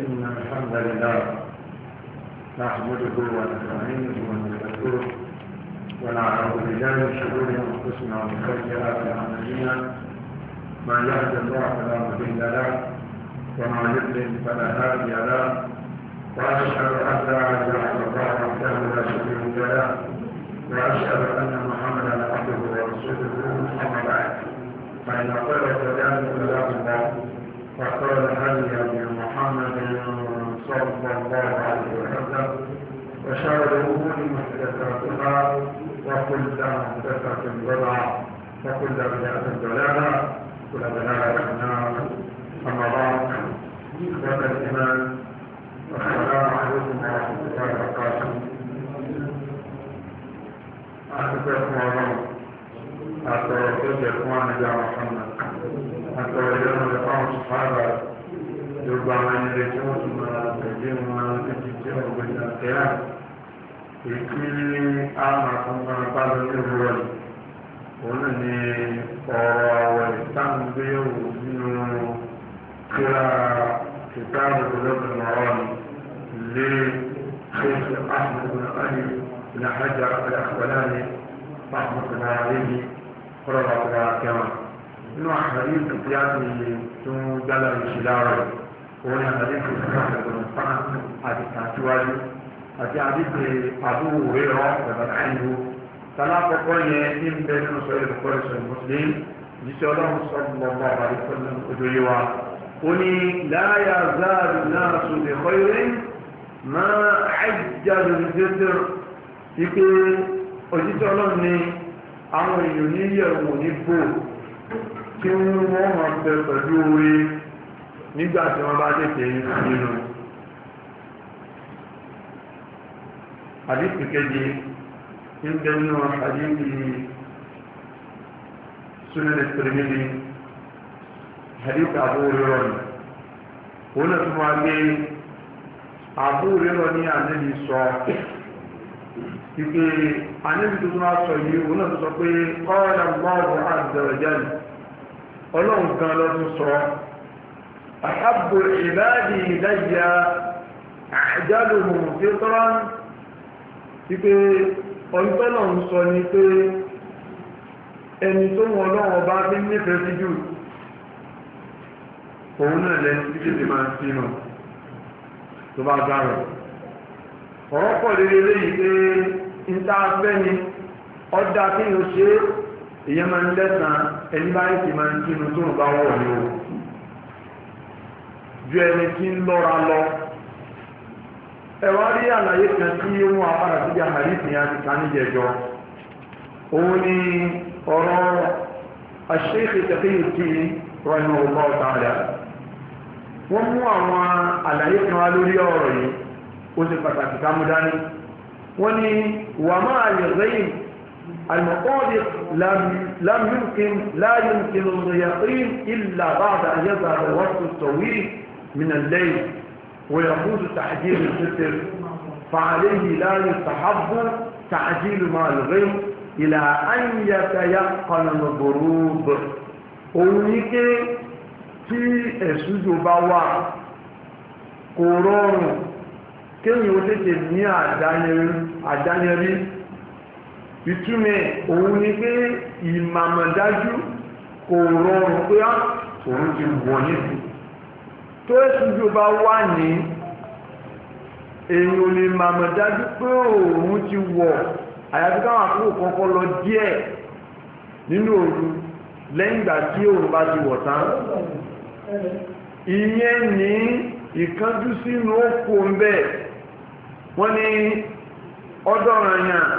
إن الحمد لله نحمده ونستعينه ونستغفره ونعوذ بالله من شرور أنفسنا ومن سيئات أعمالنا من يهد الله فلا مضل له ومن يضلل فلا هادي له وأشهد أن لا إله إلا الله وحده لا شريك له وأشهد أن محمدا عبده ورسوله محمد عبده فإن خير الكلام كلام الله وقال صلى الله عليه وسلم وشر الأمور محدثاتها وكل محدثة بدعة وكل بدعة ضلالة كل ضلالة في النار أما بعد إخوة الإيمان والسلام عليكم ورحمة الله وبركاته أحبكم الله أتوجد إخواني يا محمد أتوجد لقاء الصحابة يبقى من يكون yóò gbé ìdàkẹ́ àná ìpín àmà kankan pàdé nínú rẹ̀ òun ni ọ̀rọ̀ àwẹ̀ táǹgbé òwò nínú kíra kìtàbù lọ́dún ọ̀rọ̀ ni lé شيخ أحمد بن علي بن حجر الأخولاني رحمة الله عليه رضي الله عنه. نوع حديث في هذه تجلى الشلارة òun náà lè fi ìgbà ìgbàlódé fún àti àtiwájú àti àdìsí àbúrò rẹ̀ rọ ìgbàlódé àìlú tàlákọ̀ọ́kọ́ yẹn ní ń bẹ nínú sọ ìlú kọ́lẹ́sọ̀ mùsùlùmí jíṣẹ́ ọlọ́run sọ́gbọ̀gbọ̀ àbàlẹ̀ fún ojú yìí wa ó ní láyà záàdù náà sùdè kọ́lẹ́ máa àìjáde ìdẹ́sẹ̀ ike òjíṣẹ́ ọlọ́run ni àwọn èèyàn ní yẹ̀wò ní bò kí wọ́n máa bẹ pẹ̀lú orin nígbà tí wọ́n bá tètè nínú àdíkù kejì ń bẹ nínú àdíkù sunan ìsìnkú àdíkù àbúrò rọrùn òun tún wá gbé àbúrò ní àdébì sọ ìpè àníbi tó tún yìí òun náà sọ pé kọ́ ọ̀dà gbọ́ ọ̀dà ọlọ́run lọ́dún sọ أحب العباد إلي أعجلهم فطرا wípé ọ̀yípẹ́lọ̀ ń sọ ni pé ẹni tó wọn lọ́wọ́ bá bí nífẹ̀ẹ́ sí jù òun náà lẹ́nu tí kéde máa ń tó bá dára ọ̀rọ̀ pọ̀ lórí eléyìí pé ń kí n ju ẹni tí ń lọ́ra lọ ẹ̀wá rí àlàyé kan tí wọ́n apára síbi àhàrísì yẹn ti ta níjẹ̀jọ́ òun ni ọ̀rọ̀ àṣeyìí tẹ̀fẹ́yìí tí rọ́ìmọ̀ ọgbà ọ̀tá rẹ̀ wọ́n mú àwọn àlàyé kan wá lórí ọ̀rọ̀ yìí ó ṣe pàtàkì ká dání wọ́n ní wà máa yẹ̀ lẹ́yìn المطابق لم لم يمكن لا يمكن اليقين إلا بعد أن يظهر الوقت الطويل من الليل ويقول تعجيل الفطر فعليه لا يستحب تعجيل مع الغيب إلى أن يتيقن الغروب oníké tí ẹ̀sùjò bá wà kò rọrùn kéyìn ó tètè ní àdáyẹrí ìtúnmẹ̀ òun ni pé ìmàmàdájú kò rọrùn pé á ah, òun ti wọ̀ nípìí tó ẹ̀sùjú bá wà ní èyàn lè màmọ̀ dájú pé òun ti wọ̀ àyàfi káwọn àkókò kọ́kọ́ lọ díẹ̀ nínú òru lẹ́yìn ìgbà tí òun bá ti wọ̀ tán ìyẹn ní ìkánjú sínú òkú ń wọ́n ní ọdọ́ràn yàn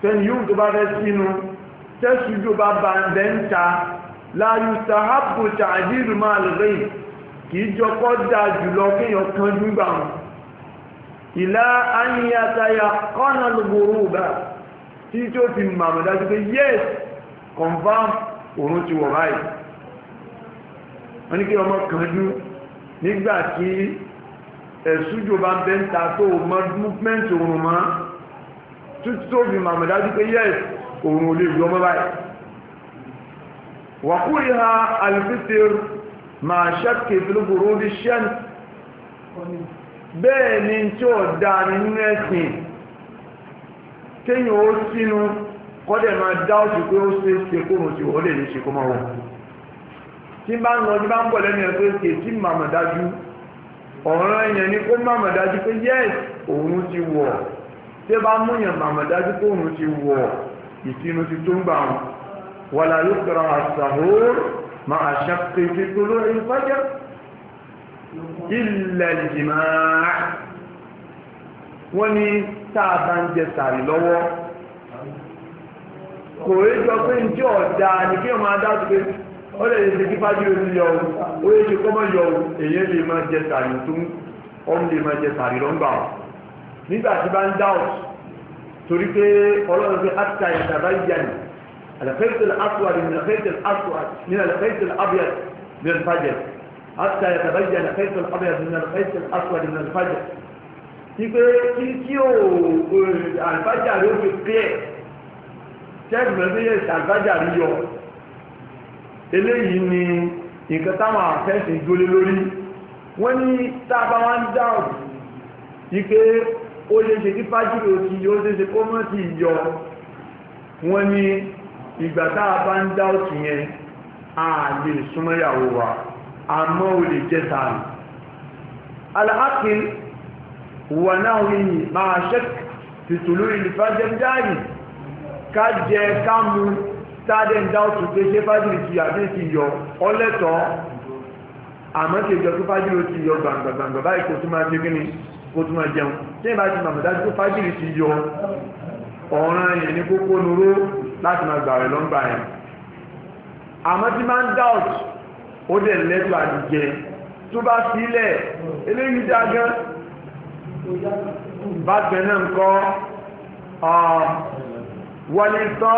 tẹ́ni yóò tó bá fẹ́ sínú tẹ́sùjú bá bá ń láyùtà hábùtà àdìrú máa kìí jọ kọ́ dáa jùlọ kéèyàn kánjú gbà wọn ìlà ayíyàtayà kọ́nà lóboró bá tí tí ó fi màmà dájú pé yes confam òun ti wọ̀ báyìí wọ́n ní kí ọmọ kánjú nígbà tí ẹ̀sùjò bá ń bẹ́ ń ta tó mọ́ movement òun mọ́ títí tó fi màmà dájú pé yes òun ò lè gbọ́ mọ́ báyìí wàkúrì ha alifisir ma ṣẹ́kẹ̀ fílúgbòrò ní ṣẹ́n bẹ́ẹ̀ ni tí ó dáa ní nínú ẹ̀sìn kíyàn ó sínú kọ́dẹ̀ máa dá òsì pé ó ṣe ṣe kó mọ̀ sí ó lè ní ṣe kó máa wọ́n tí bá ń lọ tí bá ń bọ̀ lẹ́nu ẹ̀sọ́ ìṣe tí màmà dájú ọ̀ràn èèyàn مع شق في طلوع الفجر إلا الجماع wọ́n ní táà bá ń jẹ sàrí lọ́wọ́ kò rí jọ pé ń jẹ́ ọ̀dá ní kí wọ́n máa dájú pé ó lè ṣe kí fájú omi yọ ó yẹ ṣe kọ́mọ́ yọ èyí lè máa jẹ sàrí tó ọmọ lè máa jẹ sàrí lọ́ngbà nígbà tí bá ń dáwọ̀ torí pé ọlọ́run pé áta ìtàbáyà nìí الخيط الأسود من الخيط الأسود من الخيط الأبيض من الفجر حتى يتبين الخيط الأبيض من الخيط الأسود من الفجر ipe kí o àlùfájà rí ó fi pé ṣẹ́gbẹ̀ẹ́ méjèèjì àlùfájà rí yọ eléyìí ni nǹkan táwọn àfẹ́sì gbólé lórí wọ́n ní tàbá wá ń dáhùn ipe ó lè ṣe kí fájìrò ti yọ ó lè ṣe kó mọ́ sí yọ wọ́n ní ìgbà tá a bá ń dá òtù yẹn a lè súnmọ́yàwó wa àmọ́ o lè jẹ́ tààrí alhaqin wà náà yìí máa ṣe tìtùlú ìlúfàjẹ́ jáàrí ká jẹ ká mú tàdé ń dá òtù pé ṣe fájìlì ti àbí ti yọ ọlẹ́tọ̀ àmọ́ tí ìjọ tó fájìlì ti yọ gbàǹgbàǹgbà báyìí kò tún máa ṣe kí ni kò tún máa jẹun tí ìbá ti màmùdájú tó fájìlì ti yọ ọ̀ràn yẹn ní kókó nuró láti máa gbà rẹ̀ lọ́ngbà yẹn àmọ́ tí máa ń doubt ó dẹ̀ lẹ́tọ̀ àdìjẹ tó bá sílẹ̀ eléyìí dá gan bákan náà kọ́ wọlé tọ́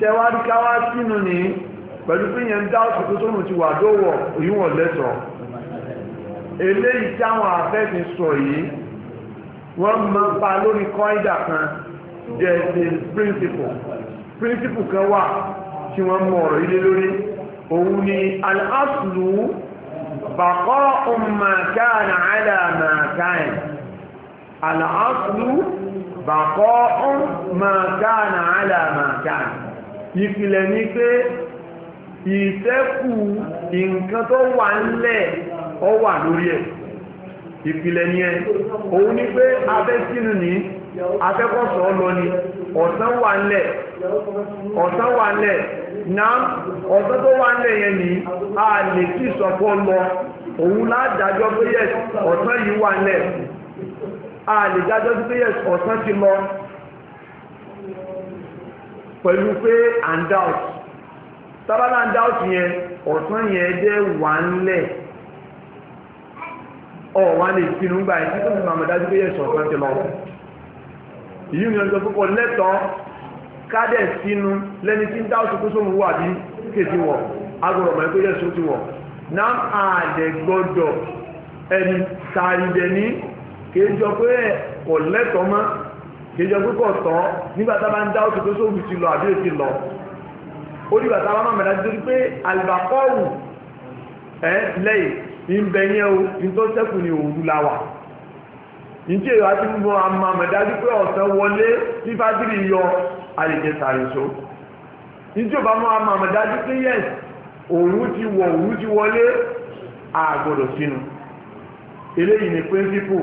tẹwárí káwá sínú ní pẹ̀lú pé yẹn ń doubt tó tó nù ti wà dówọ̀ òyìnwọ̀n lẹ́tọ̀ọ́ eléyìí táwọn afẹ́fin sọ yìí wọ́n máa pa lórí kọ́ńdà kan there is a principle píríncípù kan wà tí wọ́n mọ̀ ọ̀rọ̀ ilé lórí òun ni al-aslu baqa'u ma kana ala ma kana al-aslu baqa'u ma kana ala ma kana ìpìlẹ̀ ni pé ìṣẹ́kù nǹkan tó wà ńlẹ̀ ọ wà lórí ẹ̀ ìpìlẹ̀ ni ẹ òun ni pé abẹ́sínú ní afẹ́kọ̀ọ́sọ̀ lọ ọ̀sán wà ńlẹ̀ ọ̀sán wà lẹ̀ náà ọ̀sán tó wà lẹ̀ yẹn ní a lè kí ìsọ̀pọ̀ lọ òun ládájọ́ pé yẹ ọ̀sán yìí wà lẹ̀ a lè dájọ́ pé yẹ ọ̀sán ti lọ pẹ̀lú pé and doubt sábàlá and doubt yẹn ọ̀sán yẹn dẹ́ wà lẹ̀ ọ̀wá lè pinnu gbà yẹn títí màmá dájú pé yẹ ọ̀sán ti lọ yìí ni ọjọ́ púpọ̀ lẹ́tọ̀ọ́ kádẹ̀ sínú lẹ́ni tí ń dá òṣùkú sóhun wà bí kèsí wọ̀ agbọ̀rọ̀ mọ̀ ẹgbẹ́ jẹ́sùn ti wọ̀ náà àdẹ̀ gbọ́dọ̀ ẹni tààrídẹ̀ ní kéjọ pé kọ̀ lẹ́tọ̀ mọ́ kéjọ pé kọ̀ tọ́ nígbàtà bá ń dá òṣùkú sóhun ti lọ àbí èsì lọ ó nígbàtà bá mọ̀mọ̀dá torí pé àlùbákọ́rù ẹ̀ lẹ́yìn ìbẹ̀yẹn o ní ni òwú wà njẹ́ ìwà tí gbogbo àmà mẹ̀dájú pé ọ̀sán wọlé bí fájìrì yọ àlejò sàrìsó njẹ́ ìwà mọ́ àmà mẹ̀dájú pé yẹn òun ti wọ̀ òun ti wọlé àgbọ̀dọ̀ sínú eléyìí ni píríncípù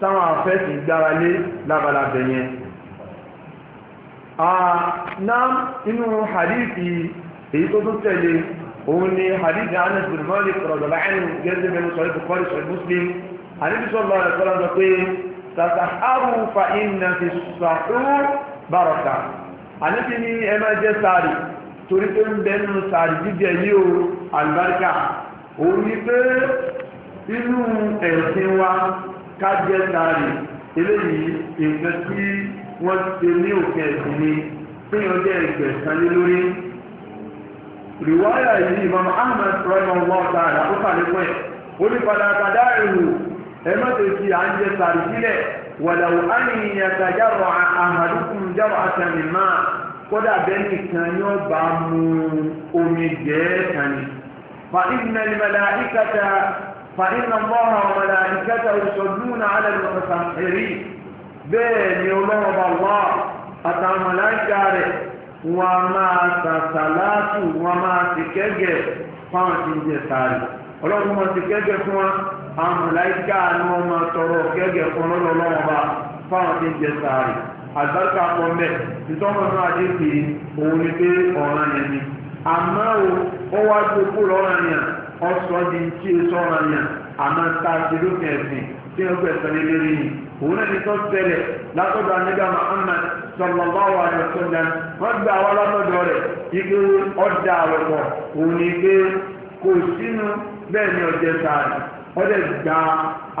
táwọn afẹ́sì gbára lé lábalábẹ̀ yẹn náà inú hadithi èyí tó tún tẹ̀lé òun ni hadithi anas bin malik rọ̀dọ̀lá ẹnu gẹ́gẹ́ bẹ́ẹ̀ sọ̀rọ̀ bukhari sọ̀rọ̀ muslim àníbísọ̀ lọ́rẹ̀ sọ́lá sọ pé tàtàhárù fa iná fi sàrú bàrọ̀kà àníbí ní ẹ máa jẹ́ sàárì torí pé ń bẹnu sàárì jíjẹ yìí o àlùbáríkà òun ni pé inú ẹ̀sìn wa ká jẹ́ sàárì eléyìí nǹkan tí wọ́n ti ní òfin ẹ̀sìn ni fíyàn jẹ́ ìgbẹ̀sán lé lórí rìwáyà yìí Imam Ahmad rahimahullah ta'ala ó kà nípa ẹ̀ kàdá ìrù ẹ̀mọ́tò ti à ń jẹ sàrí sílẹ̀ wàlàwò ánìyànjá jàrọ̀ àhàdùkùn jàrọ̀ àtàmì máa kódà bẹ́ẹ̀ nìkan ni ó bá mu omi jẹ́ kàní. fa inna al-mala'ikata fa inna Allaha wa mala'ikatahu yusalluna 'ala al-mutatahhirin bẹ́ẹ̀ ni ọlọ́wọ́ wà àtàwọn rẹ̀ wọ́n máa sàṣàlátù wọ́n máa ti kẹ́gẹ̀ẹ́ fáwọn ti ń jẹ sàrí ọlọ́run àwọn mọ̀láìkà ni wọ́n máa tọrọ gẹ́gẹ́ fún ọlọ́lọ́wọ́ bá fáwọn tí ń jẹ sàárì àgbàkà pọ̀ mẹ́ ìtọ́mọ̀ náà adé ti òun ni pé ọ̀ràn yẹn ni àmọ́ o ó wá gbogbo lọ́ràn yẹn ọ̀sọ́ di tí e sọ̀ràn yẹn àmọ́ ta ti lókè ẹ̀sìn tí wọ́n gbẹ̀sán lé lérí yìí òun náà ní tó tẹ́lẹ̀ látọ̀dọ̀ anígbà Muhammad sallallahu alaihi wasallam wọ́n gba àwọn alátọ̀dọ̀ rẹ̀ ike ọ̀dà àwọ̀pọ̀ òun ni pé kò sínú bẹ́ẹ̀ ni ọ̀jẹ̀ sáà ọdẹ gba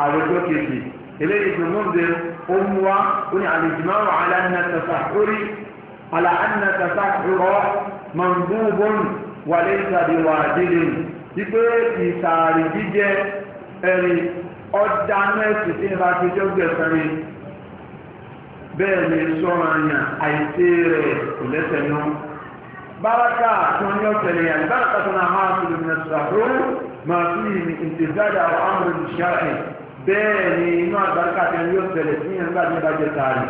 àròjọ kejì eléyìí tó mú de ohun wa ó ní àlejò wa aláǹna tàfà orí aláǹna tàfà rọ mọ̀nbúbọ̀n wàlé ìsàdéwà délé wípé ìsàárì jíjẹ ẹni ọjà nẹ́ẹ̀sì tí ìbá ti jẹ́ gbẹ̀sẹ̀rin bẹ́ẹ̀ ni sọ́ra yàn àìsí rẹ̀ kò lẹ́sẹ̀ náà báraka tó ní ọ̀tẹ̀lẹ̀ yàn báraka tó náà máa tó lè nà sàrò máa fi ìrìn ìtẹ̀jáde àwọn amúre ìṣáàfin bẹ́ẹ̀ ni inú àgbàríkà tẹ yóò tẹ̀lẹ̀ sí yẹn nígbà tí yẹn bá jẹ tààrí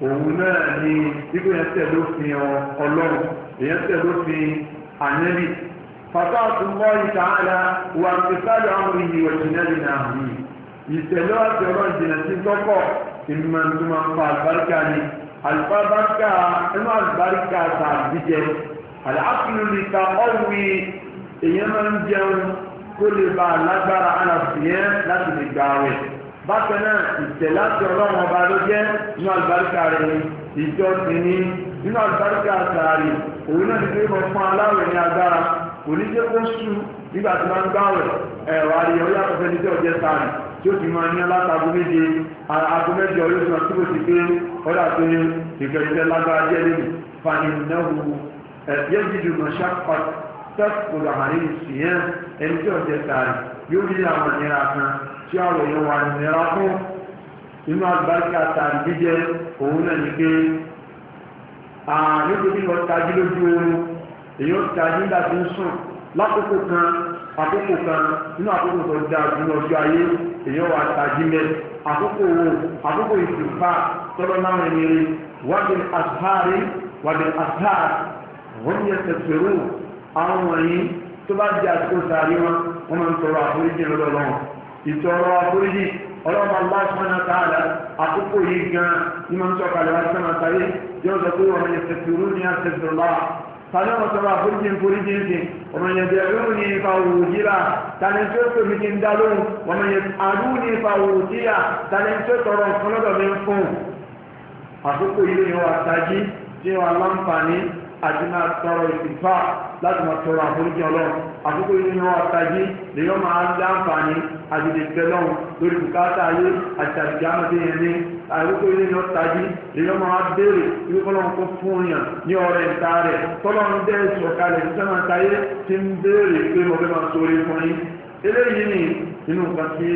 òun náà ni bíbí yẹn tẹ̀ ló fi ọlọ́run èyàn tẹ̀ ló fi ànẹ́lì fàtàkù mọ́ ìta ara wà ìtẹ̀jáde àwọn ìyè ọ̀jìnẹ́lì náà rí ìtẹ̀lẹ́ àti ọ̀rọ̀ ìjìnà sí gbọ́kọ̀ ìmọ̀ntúmọ̀ fa àgbàríkà ni àlùbáríkà inú àgbàríkà kó lè ba lágbára àlàfíẹ́ láti lè gbà rẹ̀ bákan náà ìtẹ̀ láti ọlọ́run ọba ló jẹ́ inú àlùbáríkà rẹ̀ ìjọ sí ní inú àlùbáríkà sàárì òun náà ti gbé mọ fún aláwẹ̀ ní agbára kò ní jẹ́ kó sùn nígbà tí wọ́n ń gbà rẹ̀ ẹ̀rọ àríyá ó yàtọ̀ fẹ́ni tí ọjẹ́ sàárì tí ó ti máa ní alátago méje aago mẹ́jọ yóò sọ tí kò ti pé ọ̀dà tó ní ìfẹ̀yìntẹ́ lágbára díẹ̀ lẹ́nu fani náà wù ẹ̀ yẹ́ tẹ́kùlù àmàlí ìsìyẹn ẹni tí ọ̀jẹ̀ tààrí yóò rí àwọn ìnira kan tí ọ̀rọ̀ yẹn wà nira fún inú àgbáríkà tààrí jíjẹ òun náà ní pé àyókò bí wọ́n tají lójú oorun èyí ó tají nígbà tí ń sùn lákòókò kan àkókò kan nínú àkókò tó dáa nínú ọjọ́ ayé èyí ó wà tají mẹ́ àkókò wo àkókò ìsìnká tọ́lọ́ náà rìn rìn wájú àtàrí wájú àtàrí wọ́n yẹ tẹ̀sẹ̀rù àwọn wọ̀nyí tó bá di àsìkò sàárì wọn wọ́n máa ń tọrọ àforíjì lọ́dọ̀ lọ́wọ́ ìtọrọ àforíjì ọlọ́mọ aláṣọ́nà tààlà àkókò yìí gan ni máa ń sọ kalẹ̀ wá sọ́nà sáré yóò sọ pé wọ́n yẹ fẹ̀fẹ̀rú ní àṣẹfẹ̀rọ̀lá tani wọn sọ̀rọ̀ àforíjì ń foríjì ń sìn ọmọ yẹn bẹ ẹrú ní ipa òwò jíra láti máa tọrọ àforíjì ọlọ́run àkókò inú ọ̀tají lèyọ́ máa ń dáǹfààní àdìdè tẹ́lọ́run lórí bùkátà ayé àti àdìdè àmọ́dé yẹn ní àkókò inú ọ̀tají lèyọ́ máa béèrè ibi kọ́lọ́run kó fún yàn ní ọ̀rẹ́ ìta rẹ̀ tọ́lọ́run dẹ́ sọ̀kalẹ̀ ní sẹ́wọ̀n táyé ti ń béèrè pé mo fẹ́ máa sóore fún yín eléyìí ni nínú nǹkan tí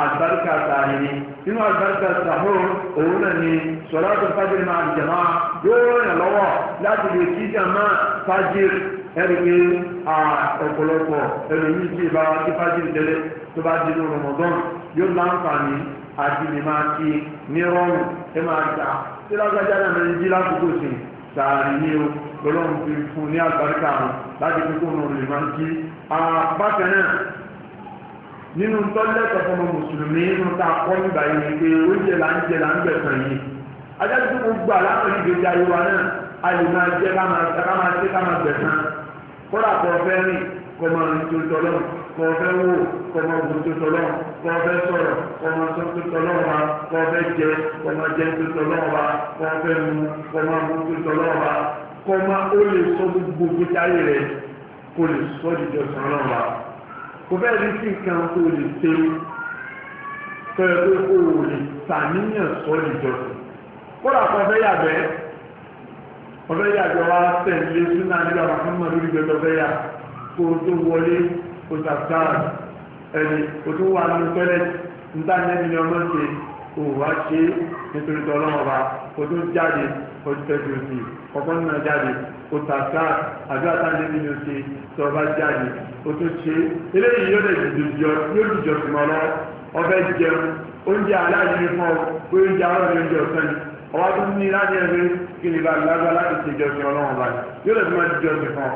àgbáríkà tààrí ni nínú àgbáríkà sàhó òun náà ni sọ̀rọ̀ àti fájìrì máa jẹ̀má yóò ràn lọ́wọ́ láti lè kí jàmá fájìrì ẹni pé ọ̀pọ̀lọpọ̀ ẹlòmíì tí ìbá kífájì tẹ́lẹ̀ tó bá dínú rọmọdán yóò láǹfààní àti lè máa ti ní rọrùn ẹ máa ta tí lágbájá náà mẹ́rin jí lákòókò sí sàárì ní o lọ́lọ́run fi fún ní àgbáríkà wọn láti fi kóun lè máa kí. bákan náà nínú tọ́lẹ́tọ̀ fọmọ mùsùlùmí nínú tá kọ́ nígbà yìí ni pé oúnjẹ là ń jẹ là ń gbẹ̀sán yìí adájọ́ tó gbogbo àlàkọ̀ ìgbésí ayé wa náà a lè máa jẹ́ ká máa ṣe ká máa gbẹ̀sán kódà kò fẹ́ rìn kò mọ rìn tó tọ́lọ́ kò fẹ́ wò kò mọ wò tó tọ́lọ́ kò fẹ́ sọ̀rọ̀ kò mọ sọ tó tọ́lọ́ wa kò fẹ́ jẹ kò mọ jẹ tó tọ́lọ́ wa kò fẹ́ mu kò mọ mu tó tọ́lọ́ wa kò mọ ó lè sọ gbogbo gbótáyé rẹ kò lè sọ ìjọ sọ̀rọ̀ wa kò fẹ́ rí sí nǹkan tó lè ṣe pẹ̀lú òòlì tàníyàn sọ ìjọ sọ̀rọ̀ kódà kò fẹ́ yàgbẹ́ ọ̀fẹ́ yàjọ wa tẹ̀lé súnà nígbà wà fún mọ̀lúrí gbẹ̀gbẹ̀ fẹ́ yà kó o tó wọlé o sàtàrà ẹni o tó wà nínú tẹ́lẹ̀ níta nẹ́bi ni ọmọ ṣe o wá ṣe nítorí tọ́lọ́ ọba o tó jáde o ti tẹ̀sí òsì ọ̀pọ̀ nínú jáde o sàtàrà àdúrà tá nẹ́bi ni o ṣe tọ́ ọba jáde o tó ṣe eléyìí yóò lè oúnjẹ aláìní fún ọ oúnjẹ aláìní oúnjẹ ọ̀sán ni ọwọ́ tó ní láti ẹgbẹ́ Kini ba bá lágbá láti ṣe ìjọsìn ọlọ́run bá yóò lè fi máa jíjọ sí kan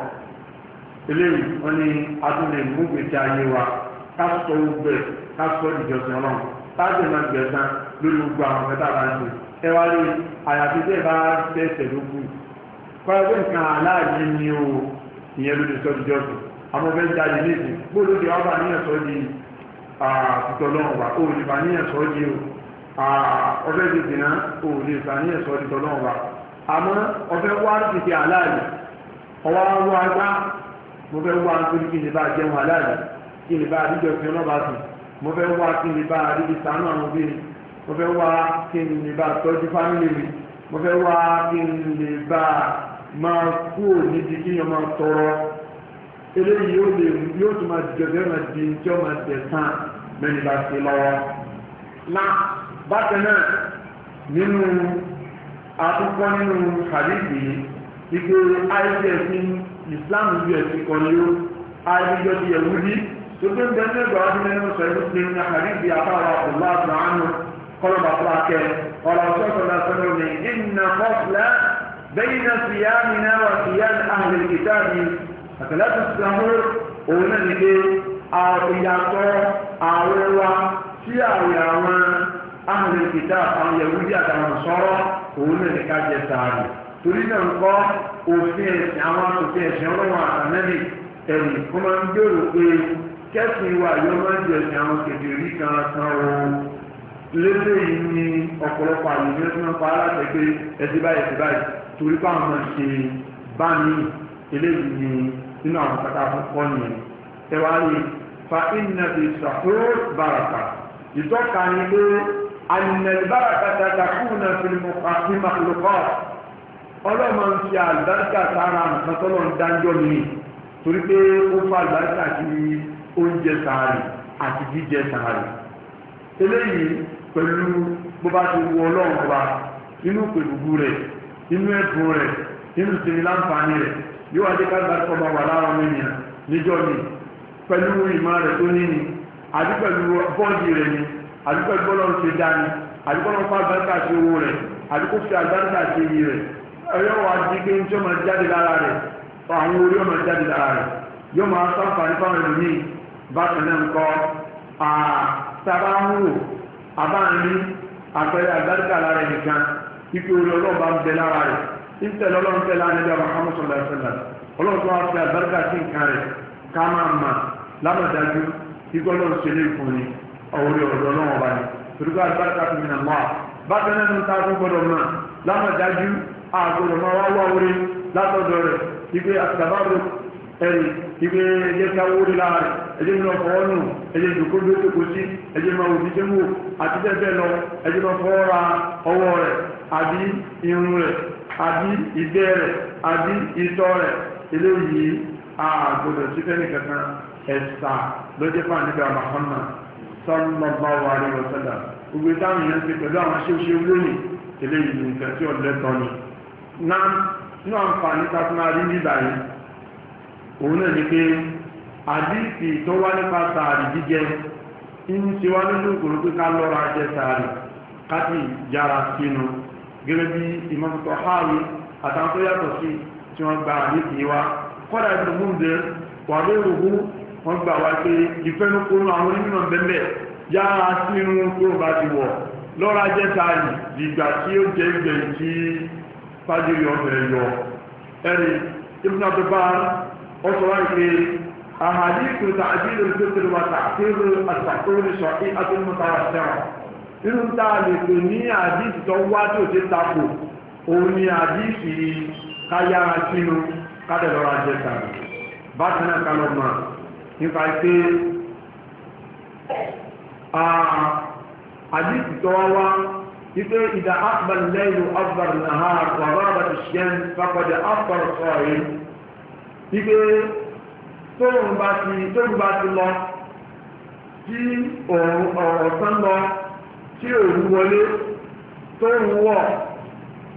eléyìí wọn ni a tún lè mú gbèsè ayé wa ká sọ gbẹ ká sọ ìjọsìn ọlọ́run ká sì máa gbẹ̀san lórí gbogbo àwọn ọ̀fẹ́ tá a bá ń ṣe bá tẹ̀sẹ̀ ló kù kọ́ nǹkan aláàjì ni o ìyẹn ló lè sọ ìjọsìn àwọn ọ̀fẹ́ jáde níbi gbọ́dọ̀ ti wá bá níyàn sọ di àtúntò ọlọ́run wa ó lè bá níyàn sọ di o ọ̀fẹ́ ti dìnnà ó lè bá níyàn sọ di tọ́lọ́run wa àmọ́ ọ̀fẹ́ wá ti fi àláàlì ọwọ́ wá gbá mo fẹ́ wá nítorí kí ni bá jẹun àláàlì kí ni bá àdíjọ fi ọlọ́ba sùn mo fẹ́ wá kí ni bá àdíjọ sànú àwọn obìnrin mo fẹ́ wá kí ni bá tọ́jú fámìlì mi mo fẹ́ wá kí ni bá máa kúrò níbi kí yẹn tọrọ eléyìí yóò lè yóò tún máa dìjọ bẹ́ẹ̀ máa di tí ó tẹ̀ tán mẹ́rin bá ti lọ́wọ́. na bákan náà nínú akókó nínú kàdíìsì ìgbé isf ní islam us kan ló ayélujára ti yahudi tó gbé bẹ́ẹ̀ ní ìgbà wọn nínú sọ ìlú nínú kàdíìsì àbáwá ọ̀là àtàánú kọlọ́bà fúlàkẹ́ ọ̀là ọ̀sọ̀tọ̀lá sọ́dọ̀ ní ìnà fọ́fúlà bẹ́yìn síyáàmìnà wà síyáàmì àhùlẹ̀ náà nìgbé àwọn ìyàtọ̀ àwọn wa ahùn ìkìtà àwọn yahudi àtàwọn sọ̀rọ̀ òun náà nìka jẹ sàárì torí náà ń kọ́ òfin ẹ̀sìn àwọn asòfin ẹ̀sìn ọlọ́wọ́ àtànẹ́bì ẹ̀rù kó máa ń gbèrò pé kẹ́sìn wa yóò máa ń jẹ ẹ̀sìn àwọn kèdèrí kan kan o lébè yìí ni ọ̀pọ̀lọpọ̀ àyè ní ọdún náà pa aláṣẹ ẹ̀sìn báyìí ẹ̀sìn báyìí torí báwọn máa ṣe bá mi eléyìí nínú àwọn kàkà àkọ́kọ́ nìyẹn ẹ̀wá rí fa ìnàbì sàkóò bàràkà ìtọ́ka ni pé أن البركة تكون في المخلوقات ọlọ́mọ ń fi àlùbáríkà sára nǹkan ń dájọ́ mi torí pé ó fa àlùbáríkà sí oúnjẹ sàárì àti jíjẹ sàárì eléyìí pẹ̀lú bó bá ti wọ ọlọ́run inú rẹ̀ inú ẹ̀bùn rẹ̀ inú sinmi láǹfààní rẹ̀ yóò ká wà ènìyàn níjọ́ pẹ̀lú ìmọ̀ rẹ̀ tó ní ni àti pẹ̀lú bọ́ọ̀dì rẹ̀ ni àdúgbò ìgbọ́lọ́ ṣe dání àdúgbò lọ́n fún àgbáńtà ṣe owó rẹ̀ àdúgbò fi àgbáńtà ṣe iyì rẹ̀ ẹ̀yọ́ wa di pé ní tí ọmọ jáde lára rẹ̀ àwọn orí ọmọ jáde lára rẹ̀ yóò máa sáǹfààní fáwọn ẹlòmíì bákan náà ń kọ́ àtàbà ń wò àbáàní àpẹẹrẹ àgbáńtà lára ẹ̀ nìkan ipò orí ọlọ́ọ̀bá ń bẹ lára rẹ̀ ìtẹ̀lẹ́ ọlọ́run tẹ̀lé orí ọ̀dọ̀ náà wà ní torípé àlùbáríkà tó mi nà mọ́ a bákan náà ní ta tó gbọdọ̀ mọ́ a lámàdájú àgbọdọ̀ máa wá wá orí látọ̀dọ̀ rẹ̀ ipe àtàbàbò ẹ̀rì ipe ẹ̀jẹ̀ ká wórí lára rẹ̀ ẹ̀jẹ̀ mi lọ fọwọ́ nù ẹ̀jẹ̀ ìdòkó bí ó tó kó sí ẹ̀jẹ̀ máa wò dídé wò àti bẹ́ẹ̀ bẹ́ẹ̀ lọ ẹ̀jẹ̀ máa fọwọ́ ra ọwọ́ rẹ̀ àbí irun rẹ̀ àbí ìgbẹ́ sallallahu alaihi wasallam gbogbo táwọn èèyàn ti pẹ̀lú àwọn aṣíwáṣe olóyìn tẹ̀lé ìlú nǹkan tí ọ̀lẹ́ tán ni náà nínú àǹfààní tá a ti máa rí nígbà yìí òun náà ni pé àdíìsì tó wá nípa sàárì jíjẹ ń ṣe wá nínú ìkòrò pé ká lọ́ra jẹ sàárì ká yára sínú gẹ́gẹ́ bí ìmọ̀tòtò háàrí àtàwọn sí tí wọ́n gba àdíìsì wa kọ́dà ìtòmúndé wọ́n gbà wá pé ìfẹ́nukúrú àwọn onímọ̀ bẹ́ẹ̀ yára sí irun tó bá ti wọ̀ lọ́ra jẹ́ta yìí dìgbà tí ó jẹ́ ìgbẹ̀yìn tí fájìrì ọ̀bẹ̀rẹ̀ yọ ẹ̀rì ibùdó àbúbá ọ̀sọ̀ wá pé àhàdìkù tàbílù tó tẹ̀lé wa tàbílù àtàkùrù sọ̀kí àtúntà wà sẹ́wọ̀n irú tá a lè pè ní àdìsí tó wá tó ti takò òun ni àdìsí káyára sínú kádẹ̀lọ́ra jẹ́ta bákan náà kálọ̀ máa nípa pé àdìsí tó wá wípé ìdá akbar lẹ́yìn akbar náà wàrà bá ti ṣe ń pápádé akbar sọ̀rọ̀ wípé tóun bá ti tóun bá ti lọ tí ọ̀sán lọ tí òun wọlé tóun wọ̀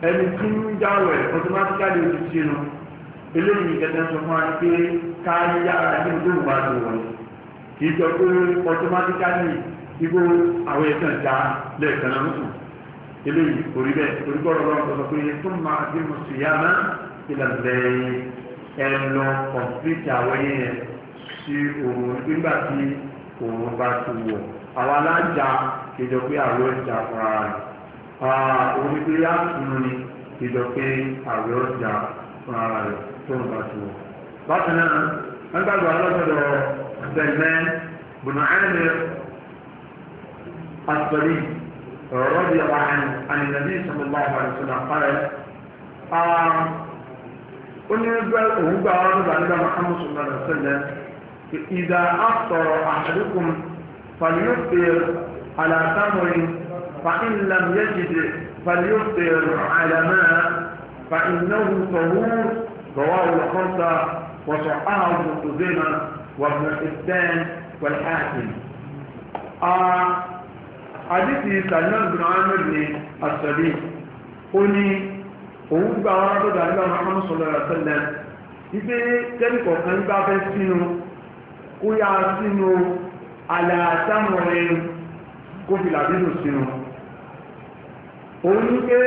ẹni tí ń jáwẹ̀ automatically ó ti ṣe nù eléyìí gẹ́gẹ́ sọ fún wa pé ká yára ní ìdóhùn bá lò wọ́n kì í sọ pé automatically ibo àwọn ẹ̀sán já lẹ́ẹ̀kan náà lóṣù eléyìí orí bẹ́ẹ̀ orí bọ́ọ̀rọ̀ lọ́wọ́ sọ pé tó máa bí mo sì yá náà ìlànà ẹ̀lọ kọ̀m̀pútà wẹ́yẹ yẹn sí òun nígbà tí òun bá ti wọ̀ àwọn alájà kejọ pé àwọn ọjà fúnra rẹ̀ òun ní pé yá tunu ni kejọ pé àwọn ọjà fúnra rẹ̀ tó ń bá tó. bákan náà wọ́n gbàgbọ́ alọ́gbọ́dọ̀ bẹ̀lẹ́ bùnà ẹ̀mí asọ̀rí ọ̀rọ̀ bí ọba ẹni ànìyànjú ìsọ̀mọ̀lá àbàlùsọ̀lá parẹ́. ó ní gbẹ́ òun gbà wọn lọ́dọ̀ àdúgbà mọ́hámù sọ̀rọ̀ sẹ́lẹ̀ ìdá àtọ̀rọ̀ àṣàdúkùn فليفطر على تمر فإن لم يجد فليفطر على ماء فإنه طهور رواه الخمسة وصححه ابن خزيمة وابن حبان والحاكم آه حديث سلمان بن عامر بن الصديق قولي òun gba àwọn arábọ́dà nígbà Muhammad sallallahu alaihi wasallam wípé tẹ́lẹ̀kọ̀ kan ń bá fẹ́ sínú kó yá sínú aláàtàmọ̀rin kó fi làbídò sínú òun ní pé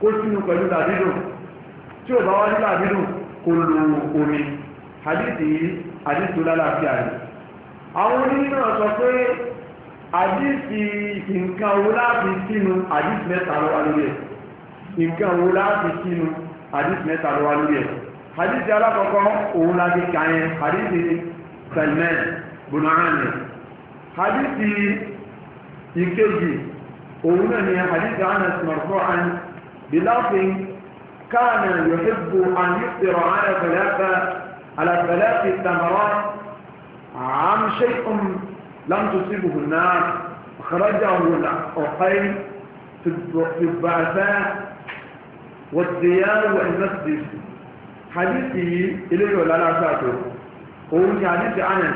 kó sínú pẹ̀lú làbídò tí ò bá wá nílà bínú kò lo omi àdìsí àdìsí lálàáfíà rẹ̀ àwọn onímọ̀ sọ pé àdìsí nǹkan wo láti sínú àdìsí mẹ́ta lọ wá lórí ẹ̀ nǹkan wo láti sínú àdìsí mẹ́ta lọ wá lórí ẹ̀ àdìsí alákọ̀ọ́kọ́ òun láti kà yẹn àdìsí Salman bunaani àdìsí ìkejì òun náà ni àdìsí Anas marfu'an bilafin كان يحب أن يفطر على ثلاثة على ثلاث ثمرات عن شيء لم تصيبه النار أخرجه العقيل في البعثاء والديار والمسجد حديثي إليه ولا لا ساتو قول حديثي أنا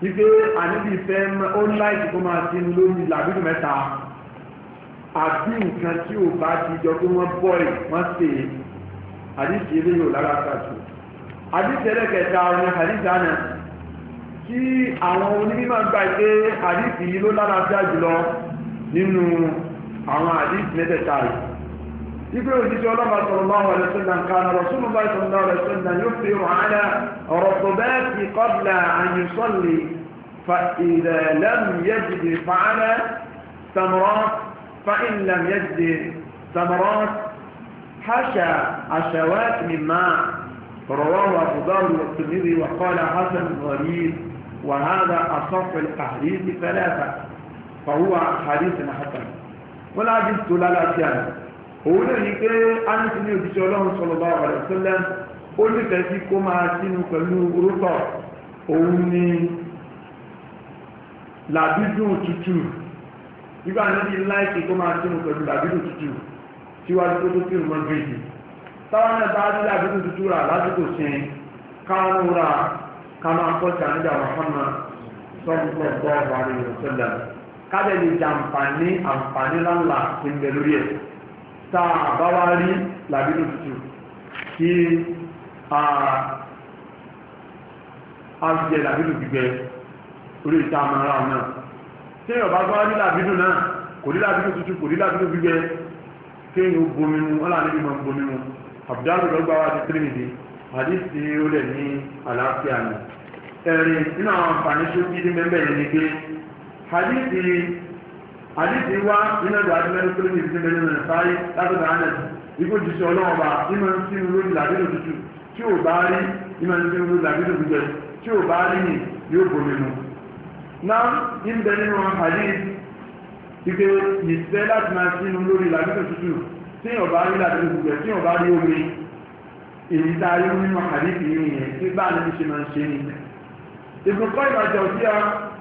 àná أنا àníbi ìfẹ́ ó ń láìsí لابد máa àbí nǹkan tí ò bá ti jọ pé wọ́n bọ́ ẹ̀ wọ́n sè é àdìsí eré yóò lára kàtó àdìsí ẹlẹ́kẹta ọ̀nà àdìsí àná tí àwọn onímọ̀ gbà pé àdìsí yìí ló lára fíà jùlọ nínú àwọn àdìsí mẹ́tẹ̀ẹ̀ta rẹ̀ ibi òjíṣẹ́ ọlọ́mà sọ̀rọ̀ máa wà lẹ́sẹ̀dá nǹkan rọ̀súnmù bá ìsọ̀rọ̀ náà lẹ́sẹ̀dá yóò fi hàn án ọ̀rọ̀ tó bẹ́ẹ̀ ti kọ́bla àyùsọ̀lì fa ìrẹ̀lẹ́mù yẹ́jìdì fàánà sàmùrán فإن لم يجد ثمرات حشى عشوات من ماء رواه أبو داود وقال حسن غريب وهذا أصح الأحاديث ثلاثة فهو حديث حسن ولا جدت لا لا سيانة òun náà ní pé ánìtì ní òjíṣẹ́ ọlọ́run sallallahu alaihi wasallam ó nífẹ̀ẹ́ sí kó máa sínú nígbà níbi láìsí tó máa sínú pẹ̀lú dàbídù tútù síwájú tó tó kírun mọ́jú ìdí táwọn náà bá rí dàbídù tútù rà lásìkò sin káwọn ra káwọn akọ́ta nígbà mọ́hánmá sọ́dúnkọ́ bọ́ ọ̀bàrí ìrọ̀sọ́dà kábẹ̀ lè jẹ àǹfààní àǹfààní láńlá ti ń bẹ lórí ẹ̀ tá a bá wá rí dàbídù tútù kí a jẹ dàbídù gbígbẹ orí ìta àmàrà náà tí èèyàn bá gbọ́ nílà bídùn náà kò nílà bídùn tuntun kò nílà bídùn gbígbẹ tí èèyàn bomi mu ọ̀là níbi máa ń bomi mu abudulayi lọ́gbà wa ti tírìmìdì àdìsí ó lẹ̀ ní àlàáfíà ni ẹ̀rì nínú àwọn àǹfààní tó kí ní mẹ́mbẹ́ yẹn ni pé àdìsí àdìsí wá nínú ẹ̀dọ̀ adúlẹ́nu tírìmìdì ti mẹ́rin mẹ́rin sáré látọ̀dọ̀ ànẹ́ ikú jùsọ̀ ọlọ́wọ́ bá sínú lórí làbídùn tuntun tí ò bá rí ìmọ̀ sínú lórí làbídùn gbígbẹ tí ò bá rí ni yóò bomi náà ń bẹ nínú hadith ìpé ìfẹ́ láti máa sínú lórí ìlàdíkò tútù tí yàn bá rí ìlàdíkò gbogbo tí yàn bá rí omi èyí tá a rí nínú hadith yìí yẹn tí bá ní ṣe máa ń ṣe ní ìbùkọ́ ìbàjẹ́ òsì à